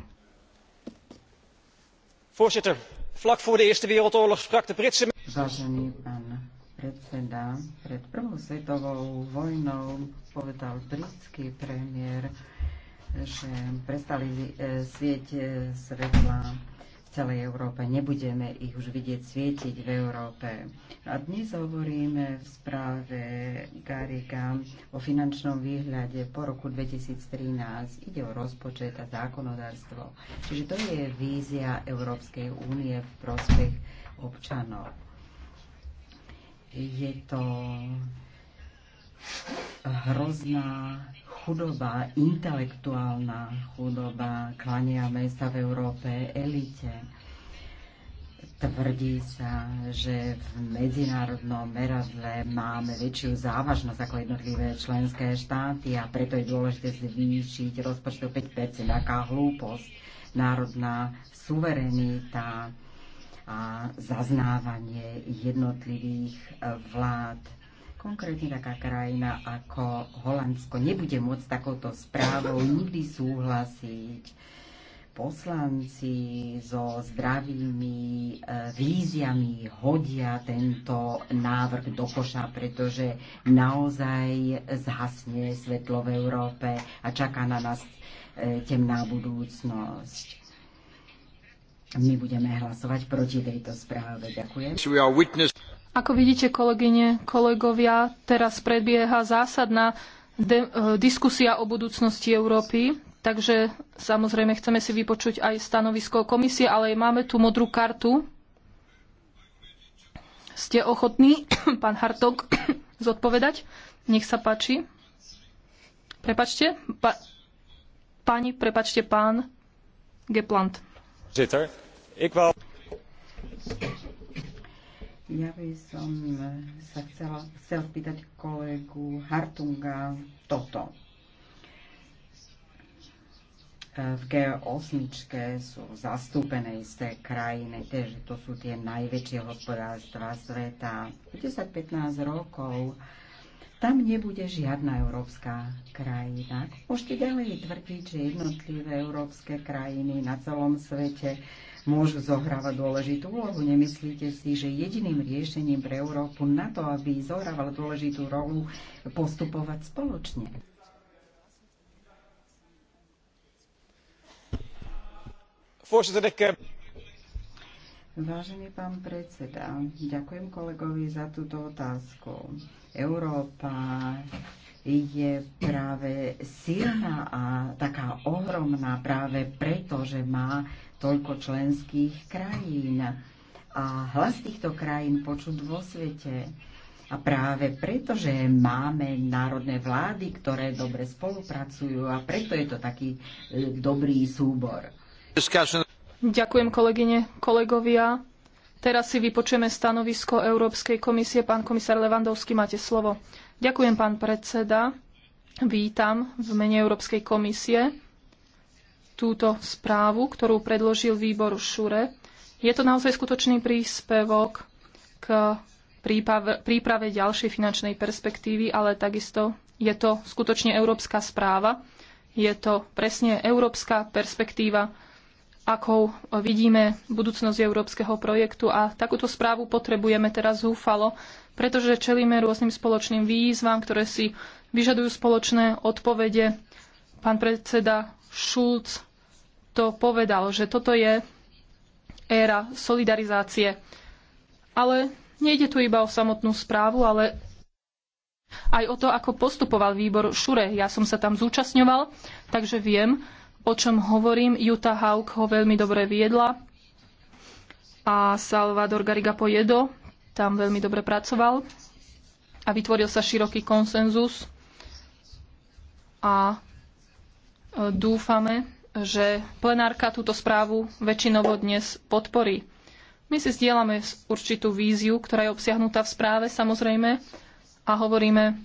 Voorzitter, vlak voor de Eerste Wereldoorlog sprak de Britse... Vážený pán predseda, pred prvou svetovou vojnou povedal britský premiér, že prestali eh, svieť eh, svetla celej Európe. Nebudeme ich už vidieť svietiť v Európe. A dnes hovoríme v správe Gariga o finančnom výhľade po roku 2013. Ide o rozpočet a zákonodárstvo. Čiže to je vízia Európskej únie v prospech občanov. Je to hrozná chudoba, intelektuálna chudoba, klaniame sa v Európe elite. Tvrdí sa, že v medzinárodnom meradle máme väčšiu závažnosť ako jednotlivé členské štáty a preto je dôležité zvýšiť rozpočet o 5%. Aká hlúposť, národná suverenita a zaznávanie jednotlivých vlád Konkrétne taká krajina ako Holandsko nebude môcť takouto správou nikdy súhlasiť poslanci so zdravými e, víziami hodia tento návrh do koša, pretože naozaj zhasne svetlo v Európe a čaká na nás e, temná budúcnosť. My budeme hlasovať proti tejto správe. Ďakujem. Ako vidíte, kolegyne, kolegovia, teraz predbieha zásadná e, diskusia o budúcnosti Európy. Takže samozrejme chceme si vypočuť aj stanovisko komisie, ale aj máme tu modrú kartu. Ste ochotní, pán Hartog, zodpovedať? Nech sa páči. Prepačte, pa, pani, prepačte, pán Geplant. Ja by som eh, sa chcela, chcela spýtať kolegu Hartunga toto. Eh, v G8 sú zastúpené isté krajiny, tiež to sú tie najväčšie hospodárstva sveta. 10-15 rokov tam nebude žiadna európska krajina. Môžete ďalej tvrdiť, že jednotlivé európske krajiny na celom svete môžu zohrávať dôležitú úlohu. Nemyslíte si, že jediným riešením pre Európu na to, aby zohrávala dôležitú rolu, postupovať spoločne? Eh, Vážený pán predseda, ďakujem kolegovi za túto otázku. Európa je práve silná a taká ohromná práve preto, že má toľko členských krajín. A hlas týchto krajín počuť vo svete. A práve preto, že máme národné vlády, ktoré dobre spolupracujú a preto je to taký e, dobrý súbor. Ďakujem kolegyne, kolegovia. Teraz si vypočujeme stanovisko Európskej komisie. Pán komisár Levandovský, máte slovo. Ďakujem, pán predseda. Vítam v mene Európskej komisie túto správu, ktorú predložil výbor Šure. Je to naozaj skutočný príspevok k príprave, príprave ďalšej finančnej perspektívy, ale takisto je to skutočne európska správa. Je to presne európska perspektíva, akou vidíme budúcnosť európskeho projektu a takúto správu potrebujeme teraz zúfalo, pretože čelíme rôznym spoločným výzvam, ktoré si vyžadujú spoločné odpovede. Pán predseda Šulc to povedal, že toto je éra solidarizácie. Ale nejde tu iba o samotnú správu, ale aj o to, ako postupoval výbor Šure. Ja som sa tam zúčastňoval, takže viem, o čom hovorím. Juta Hauk ho veľmi dobre viedla a Salvador Gariga Pojedo tam veľmi dobre pracoval a vytvoril sa široký konsenzus a e, dúfame, že plenárka túto správu väčšinovo dnes podporí. My si zdieľame určitú víziu, ktorá je obsiahnutá v správe samozrejme a hovoríme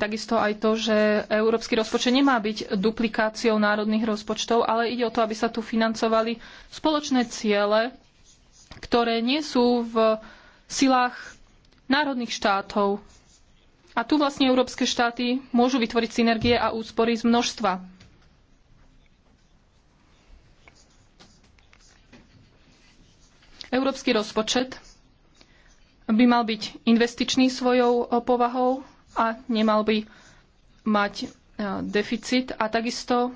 takisto aj to, že európsky rozpočet nemá byť duplikáciou národných rozpočtov, ale ide o to, aby sa tu financovali spoločné ciele, ktoré nie sú v silách národných štátov. A tu vlastne európske štáty môžu vytvoriť synergie a úspory z množstva Európsky rozpočet by mal byť investičný svojou e, povahou a nemal by mať e, deficit a takisto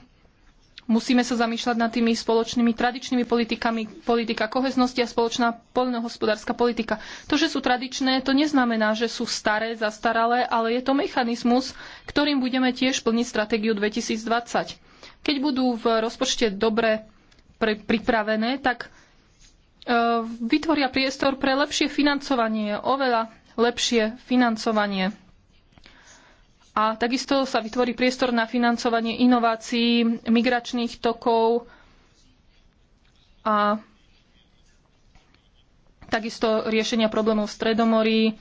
musíme sa zamýšľať nad tými spoločnými tradičnými politikami, politika koheznosti a spoločná poľnohospodárska politika. To, že sú tradičné, to neznamená, že sú staré, zastaralé, ale je to mechanizmus, ktorým budeme tiež plniť stratégiu 2020. Keď budú v rozpočte dobre pripravené, tak E, vytvoria priestor pre lepšie financovanie, oveľa lepšie financovanie. A takisto sa vytvorí priestor na financovanie inovácií, migračných tokov a takisto riešenia problémov v Stredomorí, e,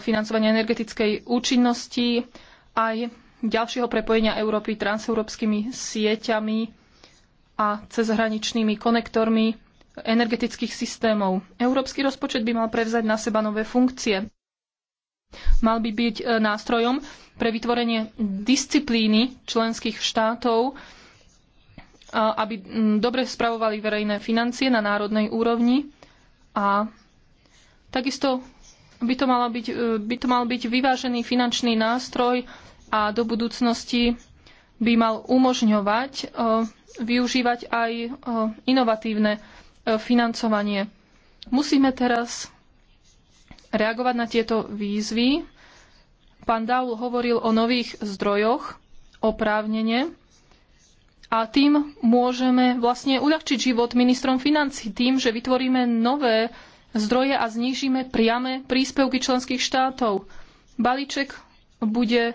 financovania energetickej účinnosti, aj ďalšieho prepojenia Európy transeurópskymi sieťami a cezhraničnými konektormi energetických systémov. Európsky rozpočet by mal prevzať na seba nové funkcie. Mal by byť e, nástrojom pre vytvorenie disciplíny členských štátov, aby dobre spravovali verejné financie na národnej úrovni a takisto by to, malo byť, e, by to mal byť vyvážený finančný nástroj a do budúcnosti by mal umožňovať e, využívať aj inovatívne E, financovanie. Musíme teraz reagovať na tieto výzvy. Pán Daul hovoril o nových zdrojoch oprávnene a tým môžeme vlastne uľahčiť život ministrom financí tým, že vytvoríme nové zdroje a znížime priame príspevky členských štátov. Balíček bude e,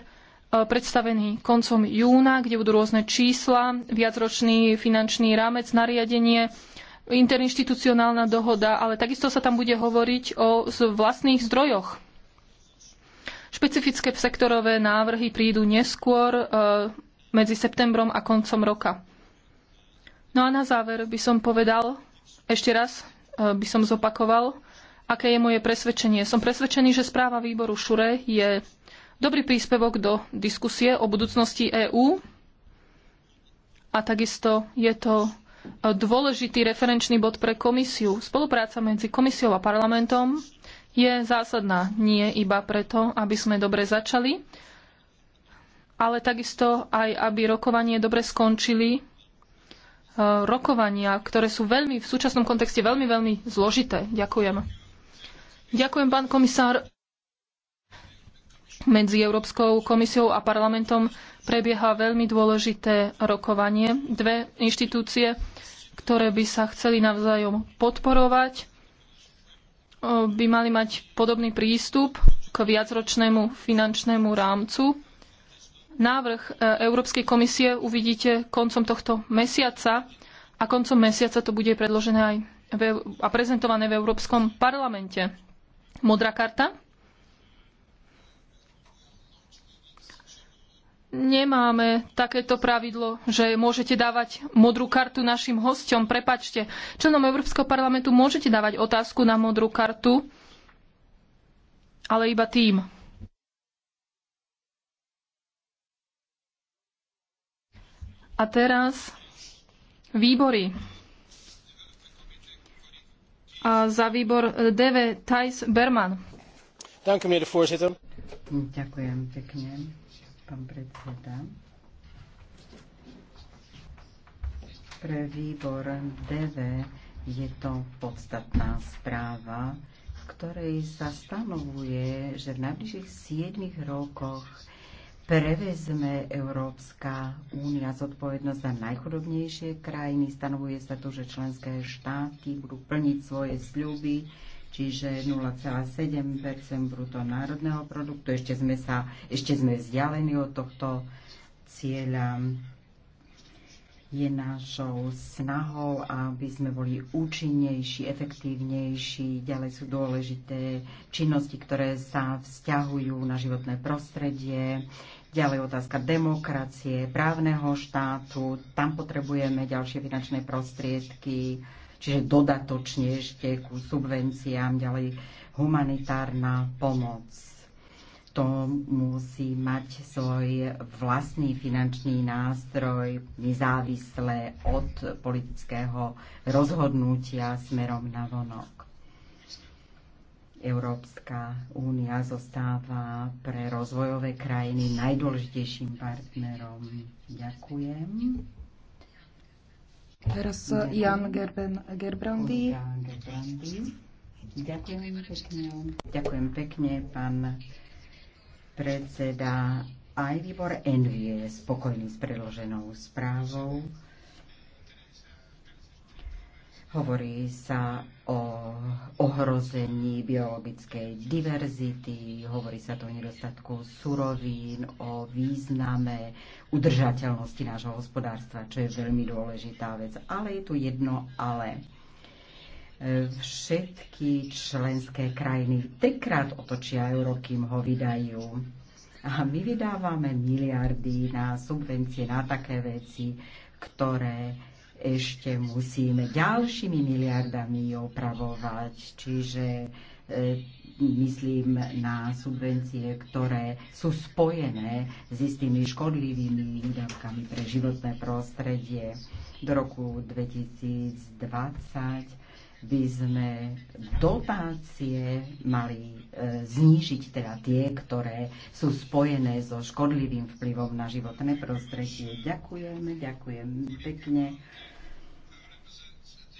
predstavený koncom júna, kde budú rôzne čísla, viacročný finančný rámec, nariadenie, interinštitucionálna dohoda, ale takisto sa tam bude hovoriť o vlastných zdrojoch. Špecifické sektorové návrhy prídu neskôr e, medzi septembrom a koncom roka. No a na záver by som povedal, ešte raz e, by som zopakoval, aké je moje presvedčenie. Som presvedčený, že správa výboru Šure je dobrý príspevok do diskusie o budúcnosti EÚ a takisto je to dôležitý referenčný bod pre komisiu. Spolupráca medzi komisiou a parlamentom je zásadná. Nie iba preto, aby sme dobre začali, ale takisto aj, aby rokovanie dobre skončili. E, rokovania, ktoré sú veľmi v súčasnom kontexte veľmi, veľmi zložité. Ďakujem. Ďakujem, pán komisár medzi Európskou komisiou a parlamentom prebieha veľmi dôležité rokovanie. Dve inštitúcie, ktoré by sa chceli navzájom podporovať, e, by mali mať podobný prístup k viacročnému finančnému rámcu. Návrh e, Európskej komisie uvidíte koncom tohto mesiaca a koncom mesiaca to bude predložené aj a prezentované v Európskom parlamente. Modrá karta nemáme takéto pravidlo, že môžete dávať modrú kartu našim hosťom. Prepačte, členom Európskeho parlamentu môžete dávať otázku na modrú kartu, ale iba tým. A teraz výbory. A za výbor DV Thijs Berman. Ďakujem pekne pán predseda. Pre výbor DV je to podstatná správa, ktorej sa stanovuje, že v najbližších 7 rokoch prevezme Európska únia zodpovednosť za najchudobnejšie krajiny. Stanovuje sa tu, že členské štáty budú plniť svoje sľuby čiže 0,7 bruto národného produktu. Ešte sme, sa, ešte sme vzdialení od tohto cieľa. Je našou snahou, aby sme boli účinnejší, efektívnejší. Ďalej sú dôležité činnosti, ktoré sa vzťahujú na životné prostredie. Ďalej otázka demokracie, právneho štátu. Tam potrebujeme ďalšie finančné prostriedky čiže dodatočne ešte ku subvenciám, ďalej humanitárna pomoc. To musí mať svoj vlastný finančný nástroj, nezávislé od politického rozhodnutia smerom na vonok. Európska únia zostáva pre rozvojové krajiny najdôležitejším partnerom. Ďakujem. Teraz eh, Jan Gerben, Gerbrandy. Ďakujem pekne. Ďakujem pekne, pán predseda. Aj výbor Envy je spokojný s predloženou správou. Hovorí sa o ohrození biologickej diverzity, hovorí sa to o nedostatku surovín, o význame udržateľnosti nášho hospodárstva, čo je veľmi dôležitá vec. Ale je tu jedno ale. Všetky členské krajiny trikrát otočia euro, kým ho vydajú. A my vydávame miliardy na subvencie, na také veci, ktoré ešte musíme ďalšími miliardami opravovať. Čiže e, myslím na subvencie, ktoré sú spojené s istými škodlivými výdavkami pre životné prostredie. Do roku 2020 by sme dotácie mali e, znížiť, teda tie, ktoré sú spojené so škodlivým vplyvom na životné prostredie. Ďakujeme, ďakujem pekne.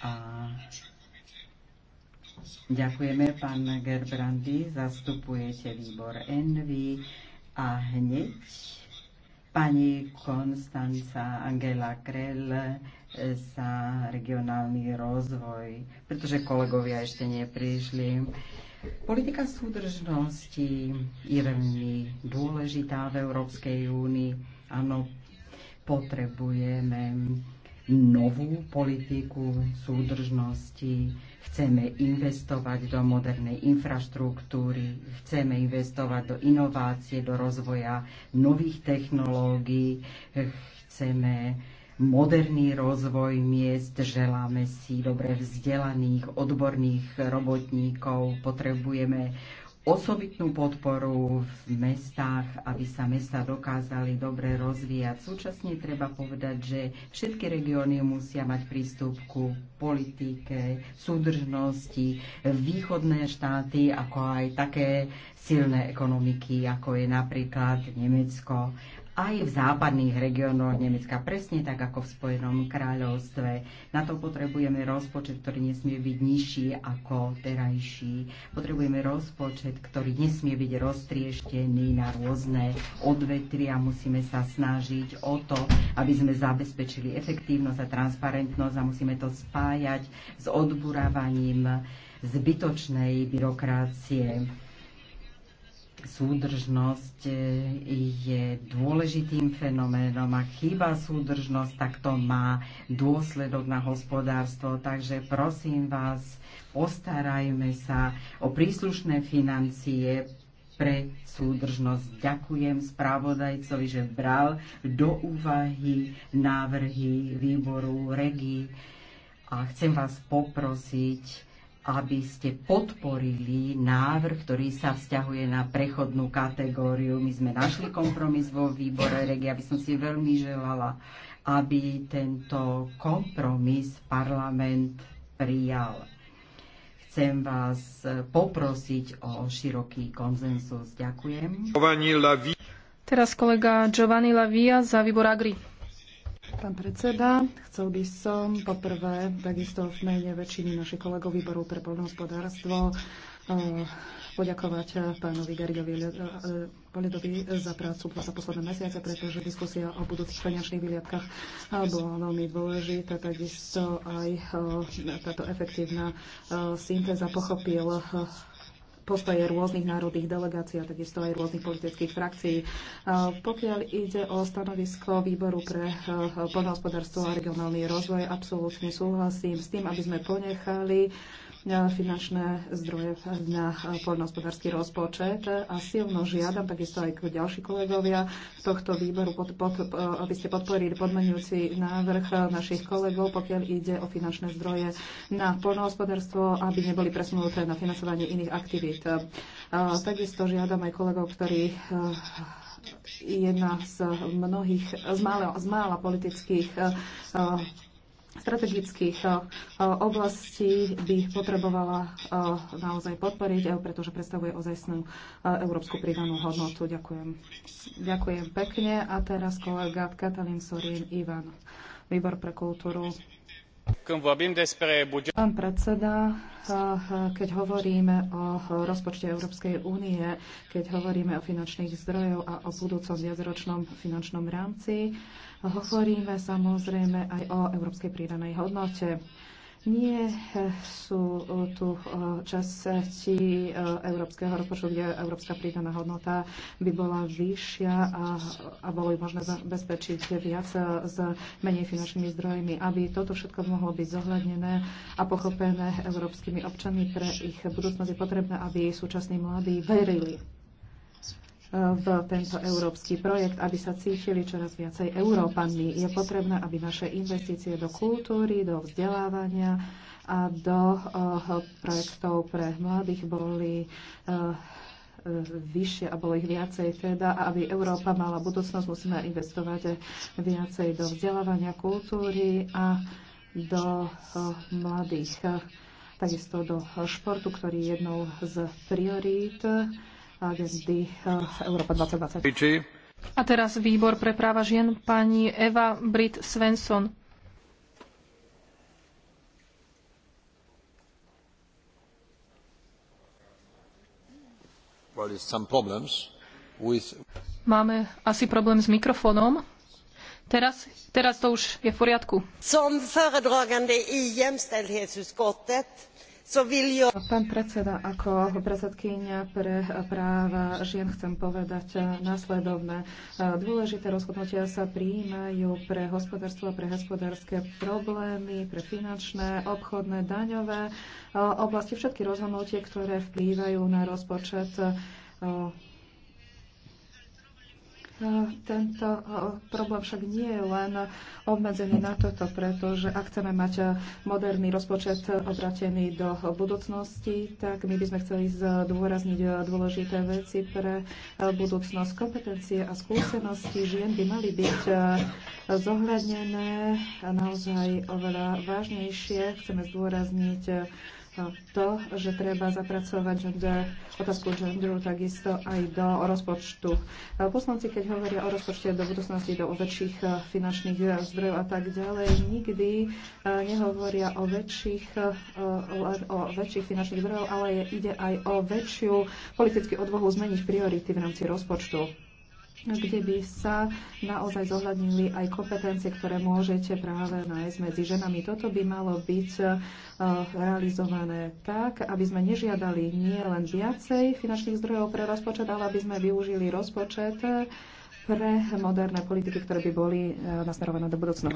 A ďakujeme, pán Gerbrandy, zastupujete výbor Envy a hneď pani Konstanca Angela Krell za regionálny rozvoj, pretože kolegovia ešte neprišli. Politika súdržnosti je veľmi dôležitá v Európskej únii. Áno, potrebujeme novú politiku súdržnosti, chceme investovať do modernej infraštruktúry, chceme investovať do inovácie, do rozvoja nových technológií, chceme moderný rozvoj miest, želáme si dobre vzdelaných, odborných robotníkov, potrebujeme osobitnú podporu v mestách, aby sa mesta dokázali dobre rozvíjať. Súčasne treba povedať, že všetky regióny musia mať prístup ku politike, súdržnosti, východné štáty, ako aj také silné ekonomiky, ako je napríklad Nemecko aj v západných regiónoch Nemecka, presne tak ako v Spojenom kráľovstve. Na to potrebujeme rozpočet, ktorý nesmie byť nižší ako terajší. Potrebujeme rozpočet, ktorý nesmie byť roztrieštený na rôzne a Musíme sa snažiť o to, aby sme zabezpečili efektívnosť a transparentnosť a musíme to spájať s odburávaním zbytočnej byrokracie súdržnosť e, je dôležitým fenoménom. Ak chýba súdržnosť, tak to má dôsledok na hospodárstvo. Takže prosím vás, postarajme sa o príslušné financie pre súdržnosť. Ďakujem správodajcovi, že bral do úvahy návrhy výboru REGI a chcem vás poprosiť, aby ste podporili návrh, ktorý sa vzťahuje na prechodnú kategóriu. My sme našli kompromis vo výbore regia, aby som si veľmi želala, aby tento kompromis parlament prijal. Chcem vás poprosiť o široký konzensus. Ďakujem. Teraz kolega Giovanni Lavia za výbor Agri. Pán predseda, chcel by som poprvé takisto v mene väčšiny našich kolegov výboru pre poľnohospodárstvo eh, poďakovať eh, pánovi Garigovi Poledovi eh, za prácu za posledné mesiace, pretože diskusia o budúcich finančných výliadkách bola veľmi dôležitá. Takisto aj táto efektívna syntéza pochopil postoje rôznych národných delegácií a takisto aj rôznych politických frakcií. E, pokiaľ ide o stanovisko výboru pre e, podhospodárstvo a regionálny rozvoj, absolútne súhlasím s tým, aby sme ponechali finančné zdroje na eh, poľnohospodársky rozpočet a silno žiadam, takisto aj ďalší kolegovia z tohto výboru, pod, pod, eh, aby ste podporili podmenujúci návrh eh, našich kolegov, pokiaľ ide o finančné zdroje na poľnohospodárstvo, aby neboli presunuté na financovanie iných aktivít. Takisto žiadam aj kolegov, ktorí jedna z mnohých, z mála, z mála politických strategických eh, oblastí by potrebovala eh, naozaj podporiť, eh, pretože predstavuje ozajstnú európsku pridanú hodnotu. Ďakujem. Ďakujem pekne. A teraz kolega Katalín Sorín Ivan, Výbor pre kultúru. Pán predseda, keď hovoríme o rozpočte Európskej únie, keď hovoríme o finančných zdrojov a o budúcom viacročnom finančnom rámci, Hovoríme samozrejme aj o európskej prídanej hodnote. Nie eh, sú eh, tu eh, časti európskeho rozpočtu, kde európska prídaná hodnota by bola vyššia a, a bolo by možné zabezpečiť viac s menej finančnými zdrojmi, aby toto všetko mohlo byť zohľadnené a pochopené európskymi občanmi pre ich budúcnosť je potrebné, aby súčasní mladí verili v tento európsky projekt, aby sa cítili čoraz viacej Európanmi. Je potrebné, aby naše investície do kultúry, do vzdelávania a do eh, projektov pre mladých boli eh, vyššie a bolo ich viacej teda a aby Európa mala budúcnosť, musíme investovať viacej do vzdelávania kultúry a do eh, mladých, takisto do športu, ktorý je jednou z priorít agendy eh, Európa 2020. A teraz výbor pre práva žien pani Eva Brit Svensson. Well, with... Máme asi problém s mikrofónom. Teraz, teraz to už je v poriadku. Som föredragande i jämställdhetsutskottet Pán predseda, ako predsedkynia pre práva žien chcem povedať následovné. Dôležité rozhodnutia sa príjmajú pre hospodárstvo, pre hospodárske problémy, pre finančné, obchodné, daňové eh, oblasti. Všetky rozhodnutie, ktoré vplývajú na rozpočet eh, tento e, problém však nie je len obmedzený na toto, pretože ak chceme mať e, moderný rozpočet obratený do budúcnosti, tak my by sme chceli zdôrazniť e, dôležité veci pre budúcnosť. Kompetencie a skúsenosti žien by mali byť zohľadnené naozaj oveľa vážnejšie. Chceme zdôrazniť to, že treba zapracovať gender, otázku genderu takisto aj do rozpočtu. Poslanci, keď hovoria o rozpočte do budúcnosti, do väčších e, finančných e, zdrojov a tak ďalej, nikdy e, nehovoria o väčších, o väčších finančných zdrojov, ale ide aj o väčšiu politickú odvahu zmeniť priority v rámci rozpočtu kde by sa naozaj zohľadnili aj kompetencie, ktoré môžete práve nájsť medzi ženami. Toto by malo byť eh, realizované tak, aby sme nežiadali nie len viacej finančných zdrojov pre rozpočet, ale aby sme využili rozpočet eh, pre moderné politiky, ktoré by boli eh, nasmerované do budúcna.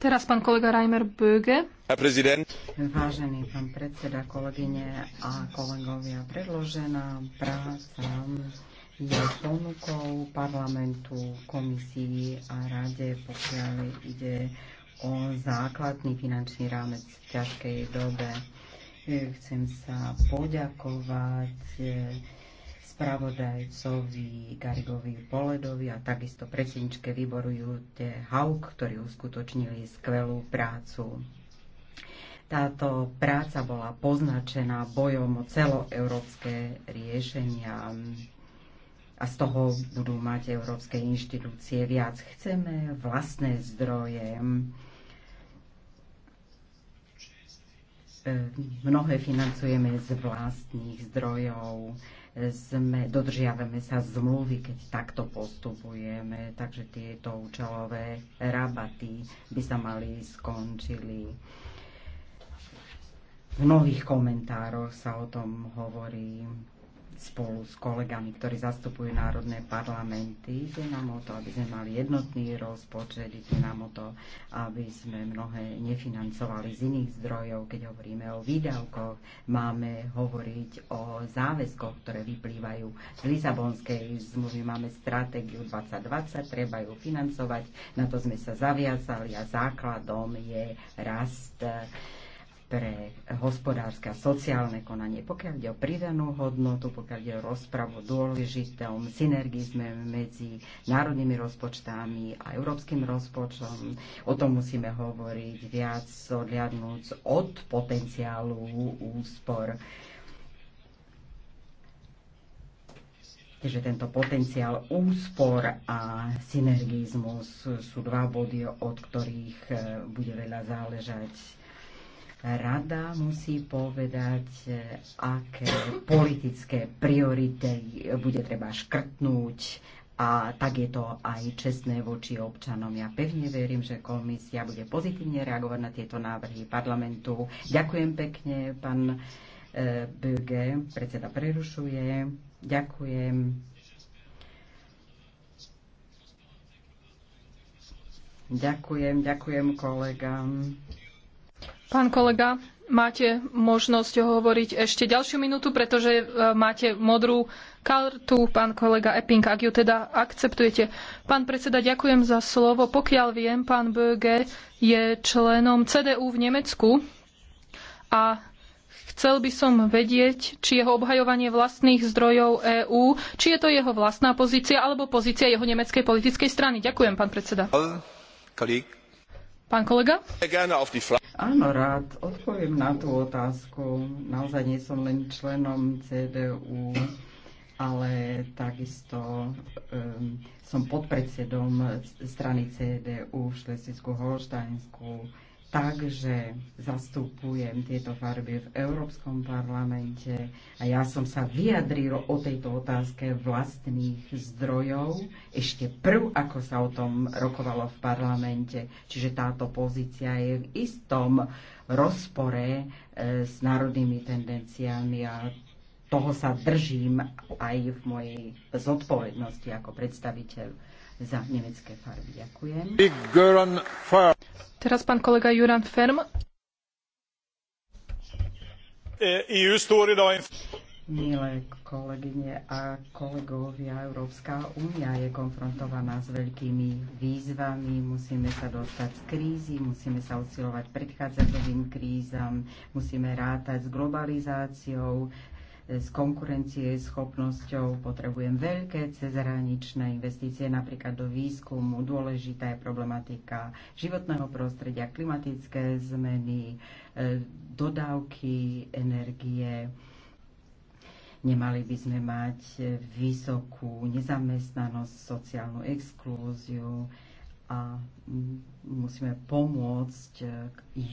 Teraz pán kolega Reimer Böge. Vážený pán predseda, kolegyne a kolegovia, predložená práca ide ponukov parlamentu, komisii a rade, pokiaľ ide o základný finančný rámec v ťažkej dobe. E, chcem sa poďakovať e, spravodajcovi Garigovi Poledovi a takisto predsedničke výboru Jute Hauk, ktorí uskutočnili skvelú prácu. Táto práca bola poznačená bojom o celoeurópske riešenia a z toho budú mať európske inštitúcie viac. Chceme vlastné zdroje. E, mnohé financujeme z vlastných zdrojov, sme, dodržiavame sa zmluvy, keď takto postupujeme, takže tieto účelové rabaty by sa mali skončili. V mnohých komentároch sa o tom hovorí spolu s kolegami, ktorí zastupujú národné parlamenty. Ide nám o to, aby sme mali jednotný rozpočet, ide nám o to, aby sme mnohé nefinancovali z iných zdrojov. Keď hovoríme o výdavkoch, máme hovoriť o záväzkoch, ktoré vyplývajú z Lisabonskej zmluvy. Máme stratégiu 2020, treba ju financovať, na to sme sa zaviazali a základom je rast pre hospodárske a sociálne konanie. Pokiaľ ide o pridanú hodnotu, pokiaľ ide o rozpravu o dôležitom synergizme medzi národnými rozpočtami a európskym rozpočtom, o tom musíme hovoriť viac odliadnúc od potenciálu úspor. Takže tento potenciál úspor a synergizmus sú dva body, od ktorých eh, bude veľa záležať Rada musí povedať, e, aké politické priority bude treba škrtnúť a tak je to aj čestné voči občanom. Ja pevne verím, že komisia bude pozitívne reagovať na tieto návrhy parlamentu. Ďakujem pekne, pán e, Böge, predseda prerušuje. Ďakujem. Ďakujem, ďakujem kolegám. Pán kolega, máte možnosť hovoriť ešte ďalšiu minútu, pretože e, máte modrú kartu, pán kolega Epping, ak ju teda akceptujete. Pán predseda, ďakujem za slovo. Pokiaľ viem, pán Böge je členom CDU v Nemecku a Chcel by som vedieť, či jeho obhajovanie vlastných zdrojov EÚ, či je to jeho vlastná pozícia alebo pozícia jeho nemeckej politickej strany. Ďakujem, pán predseda. Pán kolega? Áno, rád odpoviem na tú otázku. Naozaj nie som len členom CDU, ale takisto um, som podpredsedom strany CDU v Šlesicku-Holštajnsku Takže zastupujem tieto farby v Európskom parlamente a ja som sa vyjadril o tejto otázke vlastných zdrojov ešte prv, ako sa o tom rokovalo v parlamente. Čiže táto pozícia je v istom rozpore e, s národnými tendenciami a toho sa držím aj v mojej zodpovednosti ako predstaviteľ za nemecké farby. Ďakujem. Teraz pán kolega Juran Ferm. E, e Milé kolegyne a kolegovia, Európska únia je konfrontovaná s veľkými výzvami. Musíme sa dostať z krízy, musíme sa usilovať predchádzať novým krízam, musíme rátať s globalizáciou, s konkurencie schopnosťou. Potrebujem veľké cezhraničné investície napríklad do výskumu. Dôležitá je problematika životného prostredia, klimatické zmeny, e, dodávky energie. Nemali by sme mať vysokú nezamestnanosť, sociálnu exklúziu, a musíme pomôcť e,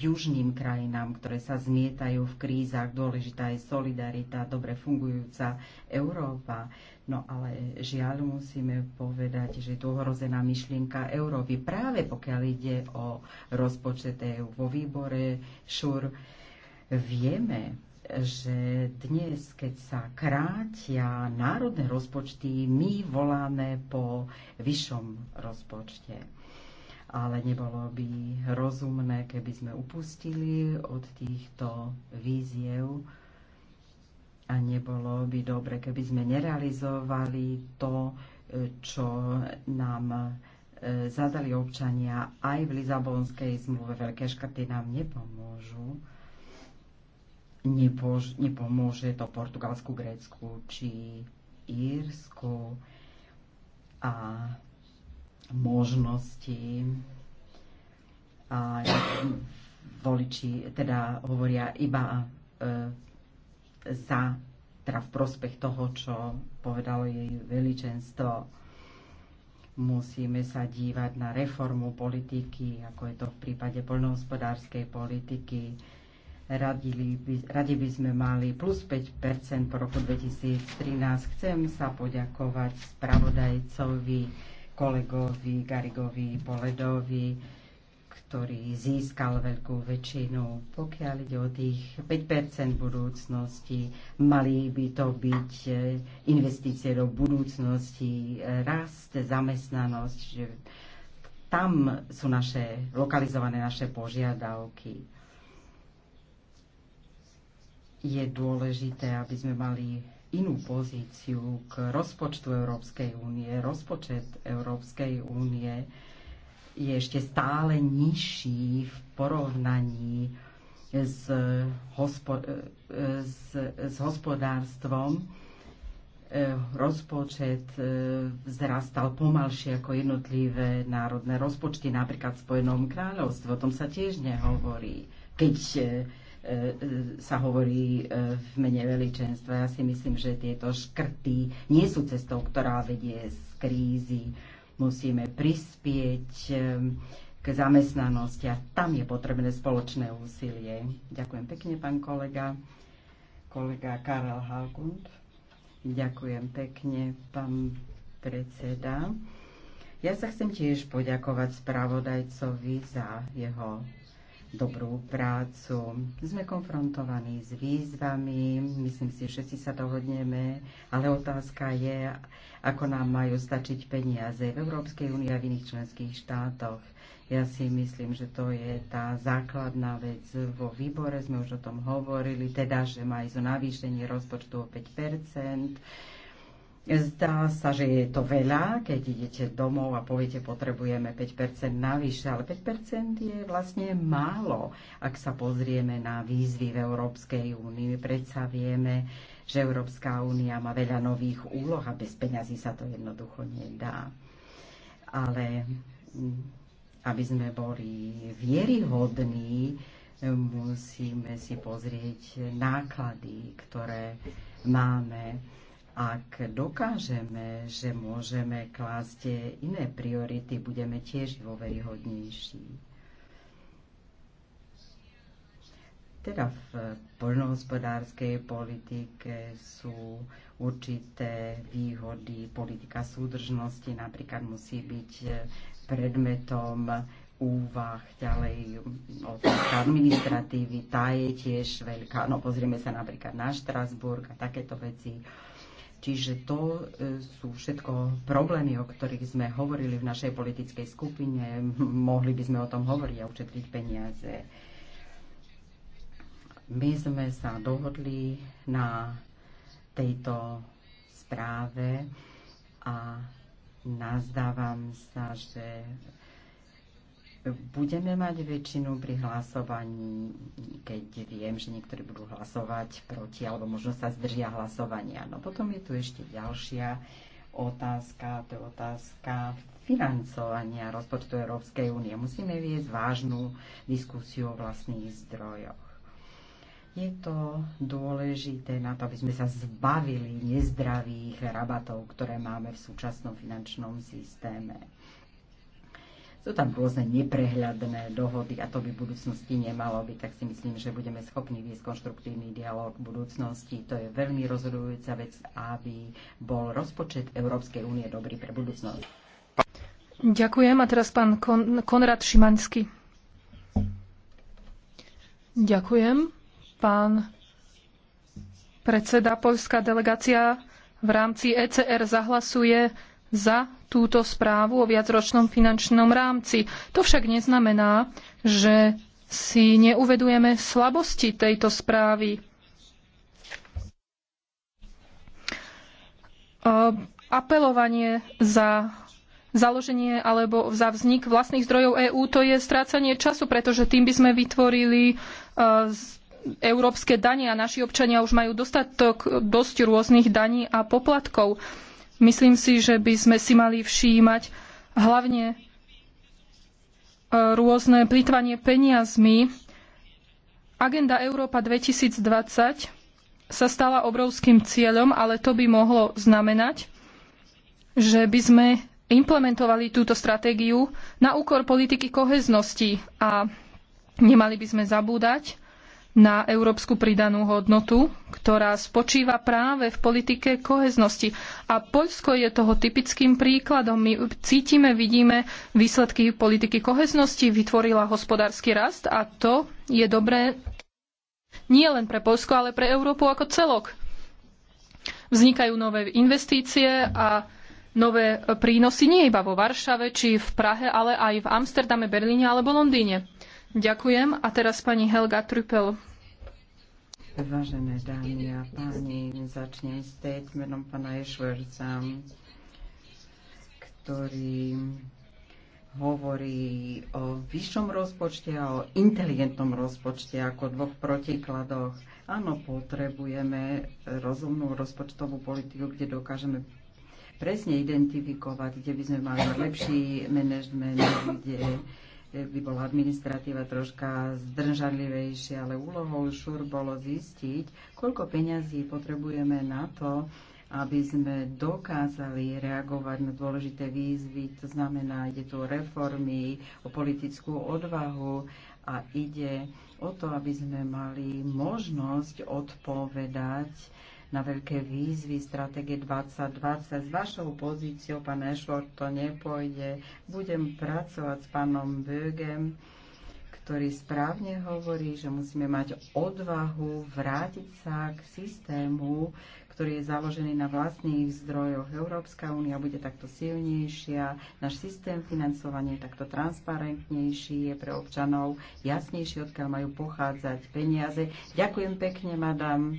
južným krajinám, ktoré sa zmietajú v krízach. Dôležitá je solidarita, dobre fungujúca Európa. No ale žiaľ musíme povedať, že je tu ohrozená myšlienka Európy práve pokiaľ ide o rozpočet EU vo výbore ŠUR. Vieme, že dnes, keď sa krátia národné rozpočty, my voláme po vyššom rozpočte ale nebolo by rozumné, keby sme upustili od týchto víziev a nebolo by dobre, keby sme nerealizovali to, e, čo nám e, zadali občania aj v Lizabonskej zmluve. Veľké škrty nám nepomôžu. Nepož, nepomôže to Portugalsku, Grécku či Írsku. A možnosti a voliči teda hovoria iba e, za, teda v prospech toho, čo povedalo jej veličenstvo. Musíme sa dívať na reformu politiky, ako je to v prípade poľnohospodárskej politiky. Radili by, radi by sme mali plus 5 po roku 2013. Chcem sa poďakovať spravodajcovi kolegovi Garigovi Poledovi, ktorý získal veľkú väčšinu. Pokiaľ ide o tých 5 budúcnosti, mali by to byť eh, investície do budúcnosti, eh, rast, zamestnanosť. Tam sú naše, lokalizované naše požiadavky je dôležité, aby sme mali inú pozíciu k rozpočtu Európskej únie. Rozpočet Európskej únie je ešte stále nižší v porovnaní s, hospo- s, s hospodárstvom. Rozpočet e, vzrastal pomalšie ako jednotlivé národné rozpočty, napríklad v Spojenom kráľovstve. O tom sa tiež nehovorí. Keď e, E, sa hovorí e, v mene veličenstva. Ja si myslím, že tieto škrty nie sú cestou, ktorá vedie z krízy. Musíme prispieť e, k zamestnanosti a tam je potrebné spoločné úsilie. Ďakujem pekne, pán kolega. Kolega Karel Halkund. Ďakujem pekne, pán predseda. Ja sa chcem tiež poďakovať spravodajcovi za jeho dobrú prácu. Sme konfrontovaní s výzvami, myslím si, že si sa dohodneme, ale otázka je, ako nám majú stačiť peniaze v Európskej únii a v iných členských štátoch. Ja si myslím, že to je tá základná vec. Vo výbore sme už o tom hovorili, teda, že má ísť o navýšenie rozpočtu o 5 Zdá sa, že je to veľa, keď idete domov a poviete, potrebujeme 5% navyše, ale 5% je vlastne málo, ak sa pozrieme na výzvy v Európskej únii. Predsa vieme, že Európska únia má veľa nových úloh a bez peňazí sa to jednoducho nedá. Ale mm, aby sme boli vieryhodní, musíme si pozrieť náklady, ktoré máme ak dokážeme, že môžeme klásť iné priority, budeme tiež dôveryhodnejší. Teda v poľnohospodárskej politike sú určité výhody. Politika súdržnosti napríklad musí byť e, predmetom úvah, ďalej otázka administratívy, tá je tiež veľká. No pozrieme sa napríklad na Štrasburg a takéto veci. Čiže to e, sú všetko problémy, o ktorých sme hovorili v našej politickej skupine. Mohli by sme o tom hovoriť a ušetriť peniaze. My sme sa dohodli na tejto správe a nazdávam sa, že budeme mať väčšinu pri hlasovaní, keď viem, že niektorí budú hlasovať proti alebo možno sa zdržia hlasovania. No potom je tu ešte ďalšia otázka, to je otázka financovania rozpočtu Európskej únie. Musíme viesť vážnu diskusiu o vlastných zdrojoch. Je to dôležité na to, aby sme sa zbavili nezdravých rabatov, ktoré máme v súčasnom finančnom systéme. Sú tam rôzne neprehľadné dohody a to by v budúcnosti nemalo byť, tak si myslím, že budeme schopní viesť konštruktívny dialog v budúcnosti. To je veľmi rozhodujúca vec, aby bol rozpočet Európskej únie dobrý pre budúcnosť. Ďakujem. A teraz pán Kon- Konrad Šimanský. Ďakujem. Pán predseda, poľská delegácia v rámci ECR zahlasuje za túto správu o viacročnom finančnom rámci. To však neznamená, že si neuvedujeme slabosti tejto správy. Apelovanie za založenie alebo za vznik vlastných zdrojov EÚ, to je strácanie času, pretože tým by sme vytvorili európske dane a naši občania už majú dostatok dosť rôznych daní a poplatkov. Myslím si, že by sme si mali všímať hlavne e, rôzne plýtvanie peniazmi. Agenda Európa 2020 sa stala obrovským cieľom, ale to by mohlo znamenať, že by sme implementovali túto stratégiu na úkor politiky koheznosti a nemali by sme zabúdať, na európsku pridanú hodnotu, ktorá spočíva práve v politike koheznosti. A Poľsko je toho typickým príkladom. My cítime, vidíme výsledky politiky koheznosti, vytvorila hospodársky rast a to je dobré nie len pre Poľsko, ale pre Európu ako celok. Vznikajú nové investície a nové prínosy nie iba vo Varšave či v Prahe, ale aj v Amsterdame, Berlíne alebo Londýne. Ďakujem. A teraz pani Helga Trupel. Vážené dámy a páni, začnem s statementom pana Ešverca, ktorý hovorí o vyššom rozpočte a o inteligentnom rozpočte ako dvoch protikladoch. Áno, potrebujeme rozumnú rozpočtovú politiku, kde dokážeme presne identifikovať, kde by sme mali lepší manažment, kde E, by bola administratíva troška zdržanlivejšia, ale úlohou ŠUR bolo zistiť, koľko peňazí potrebujeme na to, aby sme dokázali reagovať na dôležité výzvy. To znamená, ide tu o reformy, o politickú odvahu a ide o to, aby sme mali možnosť odpovedať na veľké výzvy stratégie 2020. S vašou pozíciou, pán Ešvor, to nepôjde. Budem pracovať s pánom Bögem, ktorý správne hovorí, že musíme mať odvahu vrátiť sa k systému, ktorý je založený na vlastných zdrojoch. Európska únia bude takto silnejšia, náš systém financovania je takto transparentnejší, je pre občanov jasnejší, odkiaľ majú pochádzať peniaze. Ďakujem pekne, madam.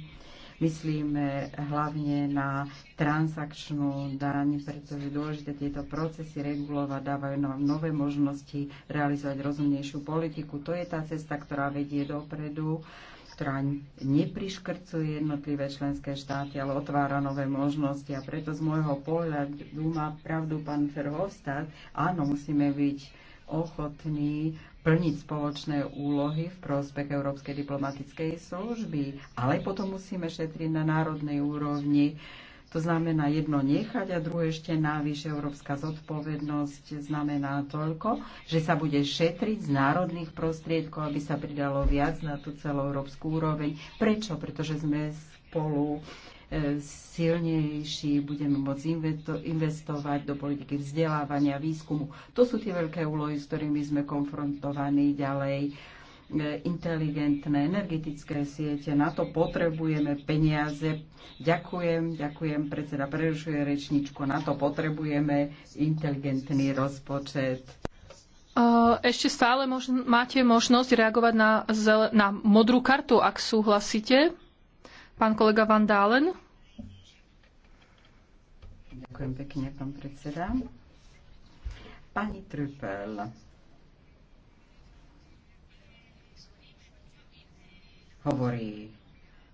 Myslíme hlavne na transakčnú daň, pretože dôležité tieto procesy regulovať dávajú nám no- nové možnosti realizovať rozumnejšiu politiku. To je tá cesta, ktorá vedie dopredu ktorá nepriškrcuje jednotlivé členské štáty, ale otvára nové možnosti. A preto z môjho pohľadu má pravdu pán Ferhovstad. Áno, musíme byť ochotní plniť spoločné úlohy v prospech Európskej diplomatickej služby, ale potom musíme šetriť na národnej úrovni. To znamená jedno nechať a druhé ešte návyš európska zodpovednosť znamená toľko, že sa bude šetriť z národných prostriedkov, aby sa pridalo viac na tú celú európsku úroveň. Prečo? Pretože sme spolu silnejší, budeme môcť investovať do politiky vzdelávania, výskumu. To sú tie veľké úlohy, s ktorými sme konfrontovaní ďalej e, inteligentné energetické siete. Na to potrebujeme peniaze. Ďakujem, ďakujem, predseda prerušuje rečničku. Na to potrebujeme inteligentný rozpočet. E, ešte stále máte možnosť reagovať na, na modrú kartu, ak súhlasíte. Pán kolega Van Dálen. Ďakujem pekne, pán predseda. Pani Trupel. hovorí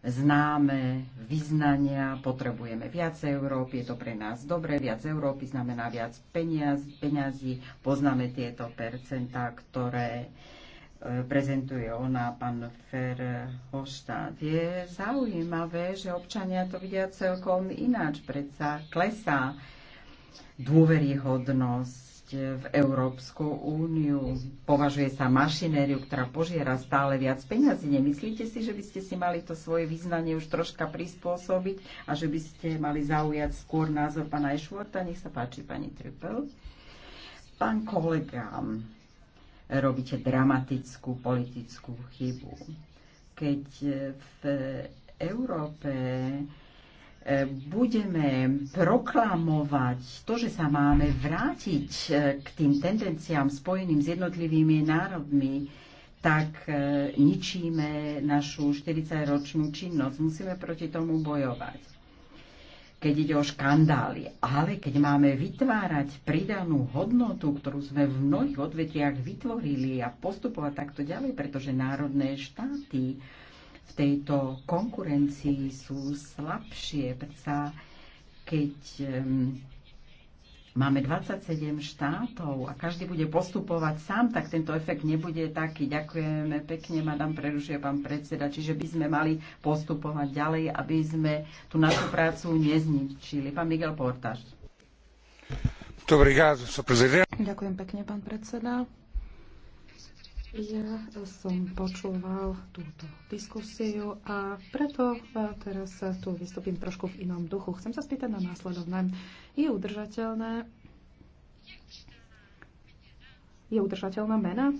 známe vyznania, potrebujeme viac Európy, je to pre nás dobre, viac Európy znamená viac peniaz, peniazy, poznáme tieto percentá, ktoré prezentuje ona, pán Fer Hoštát. Je zaujímavé, že občania to vidia celkom ináč, predsa klesá dôveryhodnosť v Európsku úniu. Považuje sa mašinériu, ktorá požiera stále viac peňazí. Nemyslíte si, že by ste si mali to svoje význanie už troška prispôsobiť a že by ste mali zaujať skôr názor pána Ešvorta? Nech sa páči, pani Trippel. Pán kolega, robíte dramatickú politickú chybu. Keď e, v Európe e, budeme proklamovať to, že sa máme vrátiť e, k tým tendenciám spojeným s jednotlivými národmi, tak ničíme našu 40-ročnú činnosť. Musíme proti tomu bojovať keď ide o škandály. Ale keď máme vytvárať pridanú hodnotu, ktorú sme v mnohých odvetiach vytvorili a postupovať takto ďalej, pretože národné štáty v tejto konkurencii sú slabšie. Predsa keď um, máme 27 štátov a každý bude postupovať sám, tak tento efekt nebude taký. Ďakujeme pekne, madam prerušuje pán predseda. Čiže by sme mali postupovať ďalej, aby sme tú našu prácu nezničili. Pán Miguel Portáš. Ďakujem pekne, pán predseda. Ja som počúval túto diskusiu a preto e, teraz tu vystúpim trošku v inom duchu. Chcem sa spýtať na následovné. Je udržateľné je udržateľná mena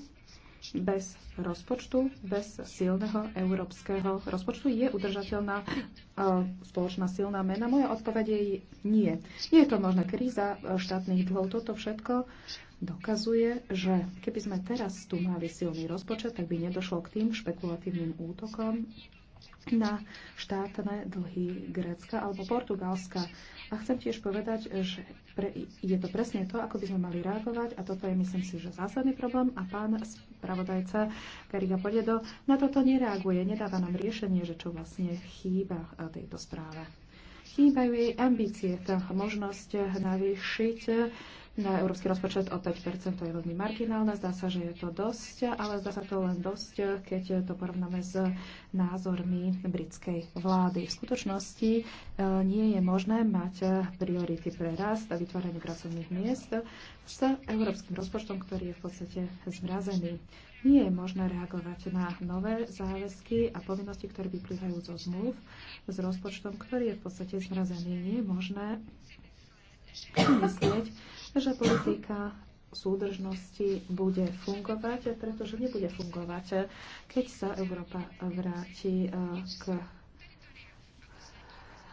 bez rozpočtu, bez silného európskeho rozpočtu je udržateľná e, spoločná silná mena? Moja odpoveď je nie. Nie je to možné. Kríza e, štátnych dlhov, toto všetko dokazuje, že keby sme teraz tu mali silný rozpočet, tak by nedošlo k tým špekulatívnym útokom na štátne dlhy Grécka alebo Portugalska. A chcem tiež povedať, že pre, je to presne to, ako by sme mali reagovať a toto je, myslím si, že zásadný problém a pán spravodajca Kariga Podedo na toto nereaguje, nedáva nám riešenie, že čo vlastne chýba e, tejto správe. Chýbajú jej ambície, tá možnosť navýšiť na európsky rozpočet o 5%. To je veľmi marginálne, zdá sa, že je to dosť, ale zdá sa to len dosť, keď to porovnáme s názormi britskej vlády. V skutočnosti e, nie je možné mať priority pre rast a vytváranie pracovných miest s európskym rozpočtom, ktorý je v podstate zmrazený. Nie je možné reagovať na nové záväzky a povinnosti, ktoré vyplývajú zo zmluv s rozpočtom, ktorý je v podstate zmrazený. Nie je možné myslieť, že politika súdržnosti bude fungovať, pretože nebude fungovať, keď sa Európa vráti eh, k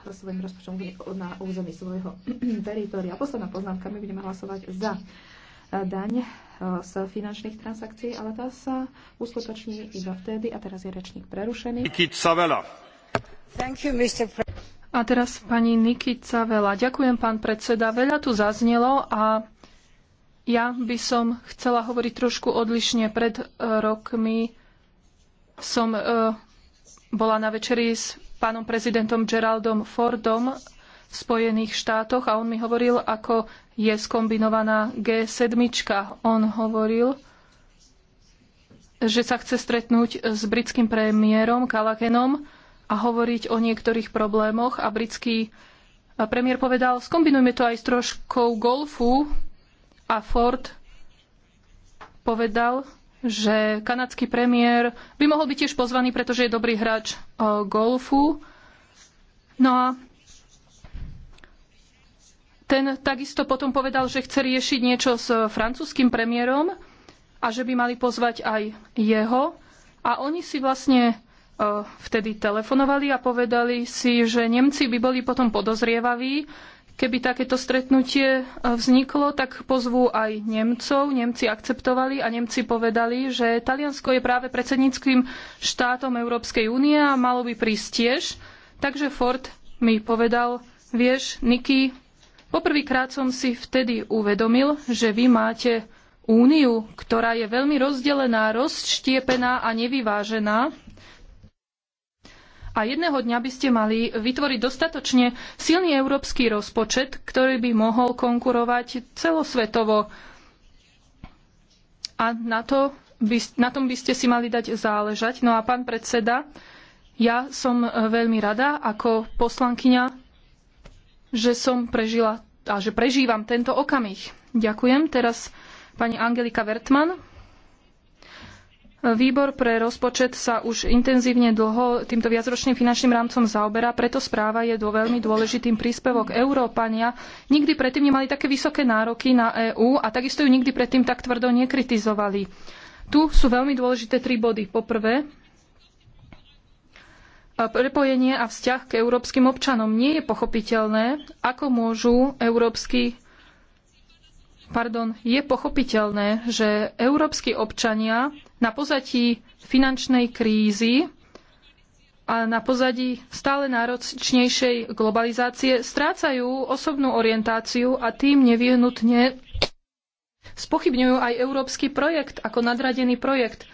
svojim rozpočtom na území svojho teritoria. Posledná poznámka, my budeme hlasovať za eh, daň eh, z finančných transakcií, ale tá sa uskutoční iba vtedy, a teraz je rečník prerušený. Thank you, Mr. A teraz pani Nikica Vela. Ďakujem, pán predseda. Veľa tu zaznelo a ja by som chcela hovoriť trošku odlišne. Pred e, rokmi som e, bola na večeri s pánom prezidentom Geraldom Fordom v Spojených štátoch a on mi hovoril, ako je skombinovaná G7. On hovoril, že sa chce stretnúť s britským premiérom Kalakenom a hovoriť o niektorých problémoch a britský premiér povedal, skombinujme to aj s troškou golfu a Ford povedal, že kanadský premiér by mohol byť tiež pozvaný, pretože je dobrý hráč e, golfu. No a ten takisto potom povedal, že chce riešiť niečo s francúzským premiérom a že by mali pozvať aj jeho. A oni si vlastne E, vtedy telefonovali a povedali si, že Nemci by boli potom podozrievaví, keby takéto stretnutie e, vzniklo, tak pozvú aj Nemcov. Nemci akceptovali a Nemci povedali, že Taliansko je práve predsedníckým štátom Európskej únie a malo by prísť tiež. Takže Ford mi povedal, vieš, Niky, poprvýkrát som si vtedy uvedomil, že vy máte úniu, ktorá je veľmi rozdelená, rozštiepená a nevyvážená a jedného dňa by ste mali vytvoriť dostatočne silný európsky rozpočet, ktorý by mohol konkurovať celosvetovo. A na, to by, na tom by ste si mali dať záležať. No a pán predseda, ja som veľmi rada ako poslankyňa, že som prežila a že prežívam tento okamih. Ďakujem. Teraz pani Angelika Wertmann. Výbor pre rozpočet sa už intenzívne dlho týmto viacročným finančným rámcom zaoberá, preto správa je do veľmi dôležitým príspevok. Európania nikdy predtým nemali také vysoké nároky na EÚ a takisto ju nikdy predtým tak tvrdo nekritizovali. Tu sú veľmi dôležité tri body. Poprvé, prepojenie a vzťah k európskym občanom. Nie je pochopiteľné, ako môžu európsky pardon, je pochopiteľné, že európsky občania na pozadí finančnej krízy a na pozadí stále náročnejšej globalizácie strácajú osobnú orientáciu a tým nevyhnutne spochybňujú aj európsky projekt ako nadradený projekt.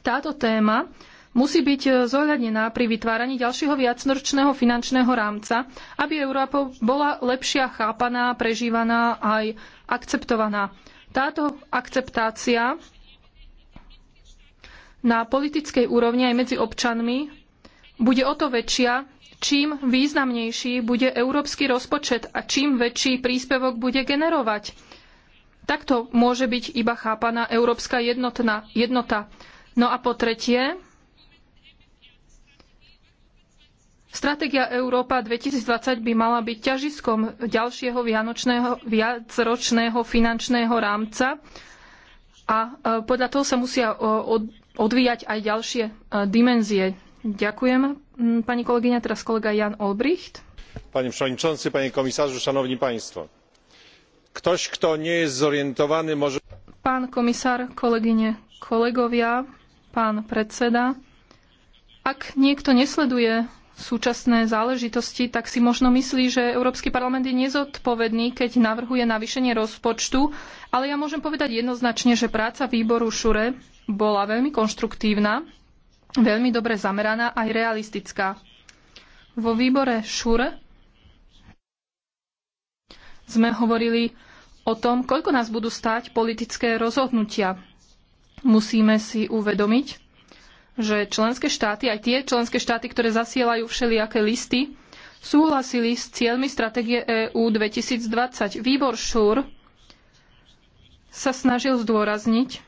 Táto téma musí byť zohľadnená pri vytváraní ďalšieho viacročného finančného rámca, aby Európa bola lepšia chápaná, prežívaná aj akceptovaná. Táto akceptácia na politickej úrovni aj medzi občanmi bude o to väčšia, čím významnejší bude európsky rozpočet a čím väčší príspevok bude generovať. Takto môže byť iba chápaná európska jednotná, jednota. No a po tretie, Stratégia Európa 2020 by mala byť ťažiskom ďalšieho viacročného finančného rámca a e, podľa toho sa musia e, odvíjať aj ďalšie e, dimenzie. Ďakujem, pani kolegyňa, teraz kolega Jan Olbricht. Panie przewodniczący, panie komisarzu, szanowni państwo. Ktoś, kto nie jest zorientowany, może. Pán komisár, kolegyne, kolegovia, pán predseda. Ak niekto nesleduje súčasné záležitosti, tak si možno myslí, že Európsky parlament je nezodpovedný, keď navrhuje navýšenie rozpočtu, ale ja môžem povedať jednoznačne, že práca výboru Šure bola veľmi konštruktívna, veľmi dobre zameraná aj realistická. Vo výbore Šure sme hovorili o tom, koľko nás budú stáť politické rozhodnutia. Musíme si uvedomiť, že členské štáty, aj tie členské štáty, ktoré zasielajú všelijaké listy, súhlasili s cieľmi stratégie EÚ 2020. Výbor ŠUR sa snažil zdôrazniť,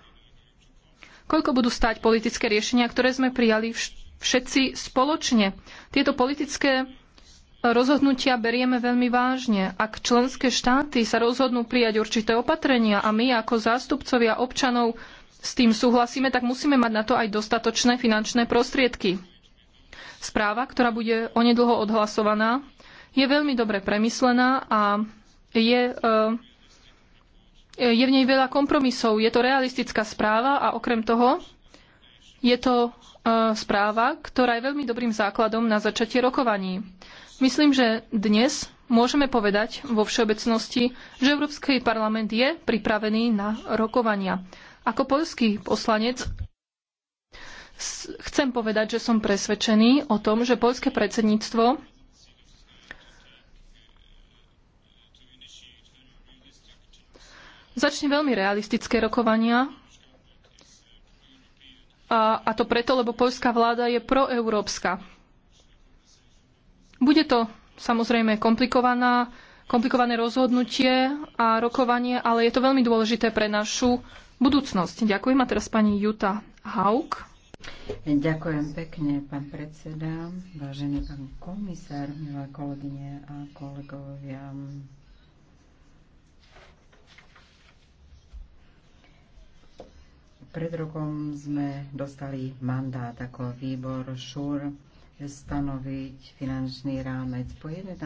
koľko budú stať politické riešenia, ktoré sme prijali všetci spoločne. Tieto politické rozhodnutia berieme veľmi vážne. Ak členské štáty sa rozhodnú prijať určité opatrenia a my ako zástupcovia občanov s tým súhlasíme, tak musíme mať na to aj dostatočné finančné prostriedky. Správa, ktorá bude onedlho odhlasovaná, je veľmi dobre premyslená a je, e, je v nej veľa kompromisov. Je to realistická správa a okrem toho je to e, správa, ktorá je veľmi dobrým základom na začatie rokovaní. Myslím, že dnes môžeme povedať vo všeobecnosti, že Európsky parlament je pripravený na rokovania. Ako poľský poslanec chcem povedať, že som presvedčený o tom, že poľské predsedníctvo začne veľmi realistické rokovania. A, a to preto, lebo poľská vláda je proeurópska. Bude to samozrejme komplikovaná, komplikované rozhodnutie a rokovanie, ale je to veľmi dôležité pre našu budúcnosť. Ďakujem a teraz pani Juta Hauk. Ďakujem pekne, pán predseda, vážený pán komisár, milé kolegyne a kolegovia. Pred rokom sme dostali mandát ako výbor ŠUR stanoviť finančný rámec po 11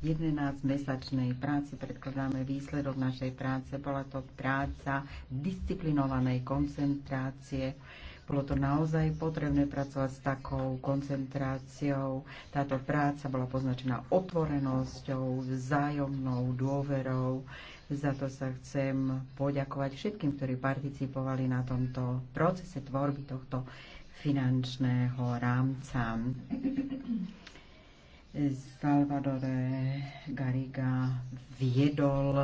11-mesačnej práci predkladáme výsledok našej práce. Bola to práca disciplinovanej koncentrácie. Bolo to naozaj potrebné pracovať s takou koncentráciou. Táto práca bola poznačená otvorenosťou, vzájomnou dôverou. Za to sa chcem poďakovať všetkým, ktorí participovali na tomto procese tvorby tohto finančného rámca. Salvadore Gariga viedol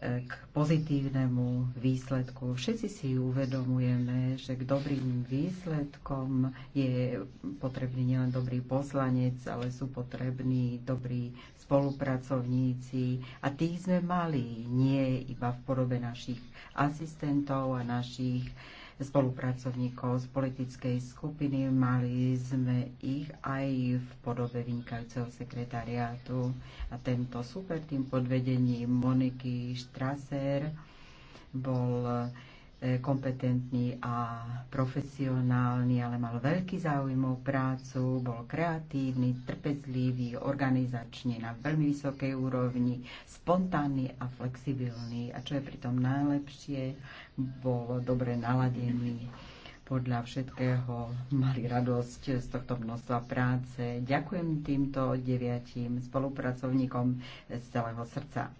eh, k pozitívnemu výsledku. Všetci si uvedomujeme, že k dobrým výsledkom je potrebný nielen dobrý poslanec, ale sú potrební dobrí spolupracovníci. A tých sme mali nie iba v podobe našich asistentov a našich uh, spolupracovníkov z politickej skupiny. Mali sme ich aj v podobe vynikajúceho sekretariátu a tento super tým pod vedením Moniky Štraser bol E, kompetentný a profesionálny, ale mal veľký záujem o prácu, bol kreatívny, trpezlivý, organizačne na veľmi vysokej úrovni, spontánny a flexibilný. A čo je pritom najlepšie, bol dobre naladený podľa všetkého mali radosť z tohto množstva práce. Ďakujem týmto deviatim spolupracovníkom z celého srdca.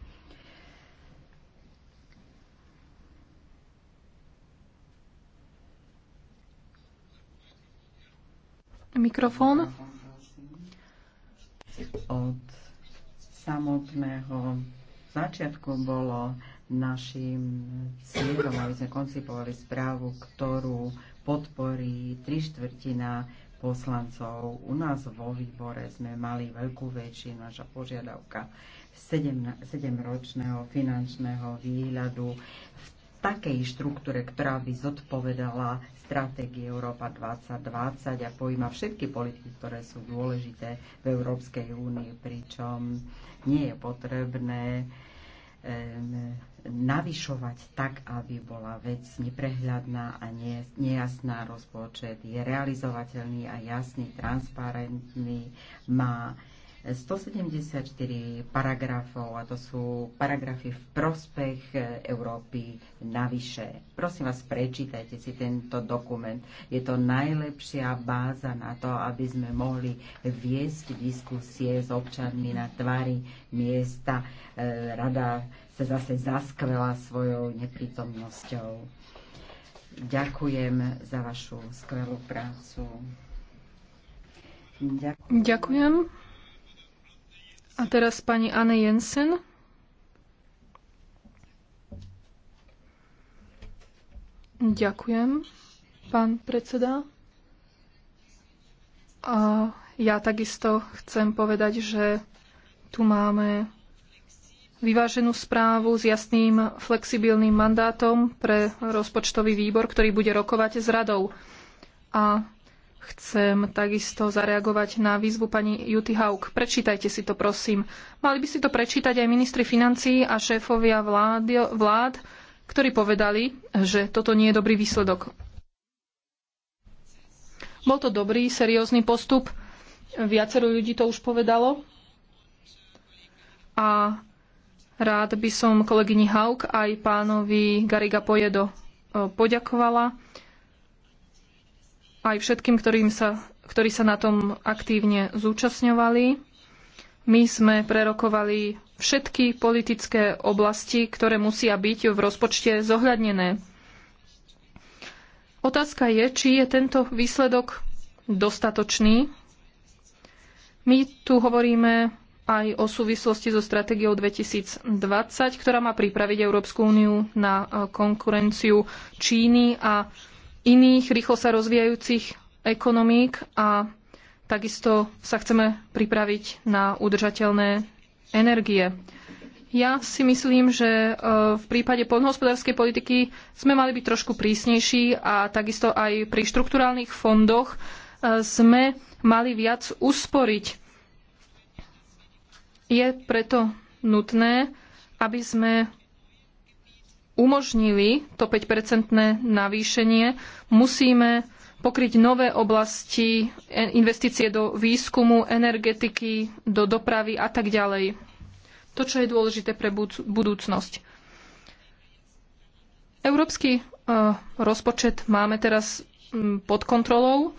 Mikrofón. Od samotného začiatku bolo našim cieľom, aby sme koncipovali správu, ktorú podporí tri štvrtina poslancov. U nás vo výbore sme mali veľkú väčšinu, naša požiadavka 7-ročného finančného výhľadu v takej štruktúre, ktorá by zodpovedala stratégii Európa 2020 a pojíma všetky politiky, ktoré sú dôležité v Európskej únii, pričom nie je potrebné navyšovať tak, aby bola vec neprehľadná a nejasná. Rozpočet je realizovateľný a jasný, transparentný, má 174 paragrafov a to sú paragrafy v prospech e, Európy navyše. Prosím vás, prečítajte si tento dokument. Je to najlepšia báza na to, aby sme mohli viesť diskusie s občanmi na tvári miesta. E, Rada sa zase zaskvela svojou neprítomnosťou. Ďakujem za vašu skvelú prácu. Ďakujem. Ďakujem. A teraz pani Anne Jensen. Ďakujem, pán predseda. A ja takisto chcem povedať, že tu máme vyváženú správu s jasným flexibilným mandátom pre rozpočtový výbor, ktorý bude rokovať s radou. A Chcem takisto zareagovať na výzvu pani Juty Haug. Prečítajte si to, prosím. Mali by si to prečítať aj ministri financií a šéfovia vlád, vlád ktorí povedali, že toto nie je dobrý výsledok. Bol to dobrý, seriózny postup. Viacero ľudí to už povedalo. A rád by som kolegyni Haug aj pánovi Gariga Pojedo e, poďakovala aj všetkým, ktorým sa, ktorí sa na tom aktívne zúčastňovali. My sme prerokovali všetky politické oblasti, ktoré musia byť v rozpočte zohľadnené. Otázka je, či je tento výsledok dostatočný. My tu hovoríme aj o súvislosti so stratégiou 2020, ktorá má pripraviť Európsku úniu na eh, konkurenciu Číny a iných rýchlo sa rozvíjajúcich ekonomík a takisto sa chceme pripraviť na udržateľné energie. Ja si myslím, že e, v prípade poľnohospodárskej politiky sme mali byť trošku prísnejší a takisto aj pri štrukturálnych fondoch e, sme mali viac usporiť. Je preto nutné, aby sme umožnili to 5-percentné navýšenie, musíme pokryť nové oblasti, investície do výskumu, energetiky, do dopravy a tak ďalej. To, čo je dôležité pre budúcnosť. Európsky eh, rozpočet máme teraz mm, pod kontrolou.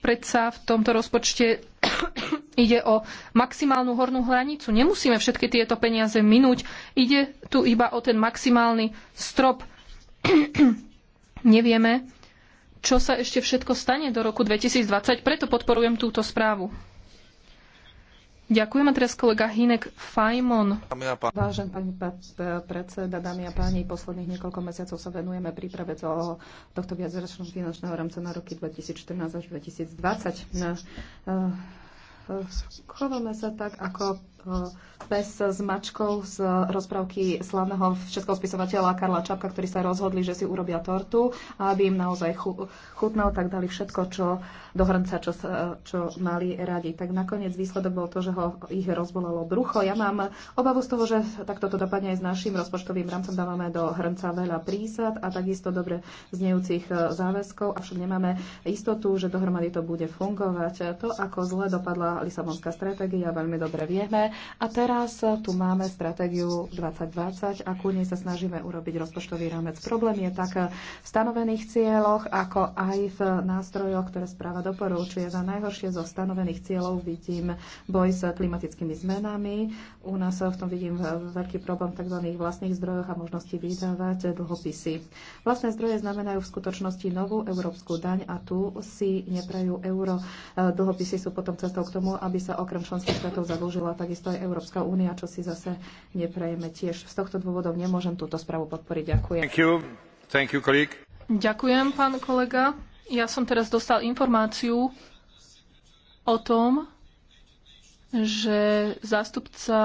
Predsa v tomto rozpočte Ide o maximálnu hornú hranicu. Nemusíme všetky tieto peniaze minúť. Ide tu iba o ten maximálny strop. Nevieme, čo sa ešte všetko stane do roku 2020, preto podporujem túto správu. Ďakujem a teraz kolega Hinek Fajmon. Vážený pani predseda, dámy a páni, posledných niekoľko mesiacov sa venujeme príprave celého tohto viacročného finančného rámca na roky 2014 až 2020. Na, uh, Chováme sa tak, ako E, pes s mačkou z rozprávky slavného českého spisovateľa Karla Čapka, ktorí sa rozhodli, že si urobia tortu a aby im naozaj chutnal, tak dali všetko, čo do hrnca, čo, čo mali radi. Tak nakoniec výsledok bol to, že ho ich rozbolelo brucho. Ja mám obavu z toho, že takto to dopadne aj s našim rozpočtovým rámcom. Dávame do hrnca veľa prísad a takisto dobre znejúcich e, záväzkov, avšak nemáme istotu, že dohromady to bude fungovať. To, ako zle dopadla Lisabonská stratégia, veľmi dobre vieme. A teraz tu máme stratégiu 2020 a ku nej sa snažíme urobiť rozpočtový rámec. Problém je tak v stanovených cieľoch, ako aj v nástrojoch, ktoré správa doporúčuje. Za najhoršie zo stanovených cieľov vidím boj s klimatickými zmenami. U nás v tom vidím veľký problém v tzv. vlastných zdrojoch a možnosti vydávať dlhopisy. Vlastné zdroje znamenajú v skutočnosti novú európsku daň a tu si neprajú euro. Dlhopisy sú potom cestou k tomu, aby sa okrem členských štátov zadlžila takisto takisto aj Európska únia, čo si zase neprejeme tiež. Z tohto dôvodov nemôžem túto správu podporiť. Ďakujem. Thank you. Thank you, Ďakujem, pán kolega. Ja som teraz dostal informáciu o tom, že zástupca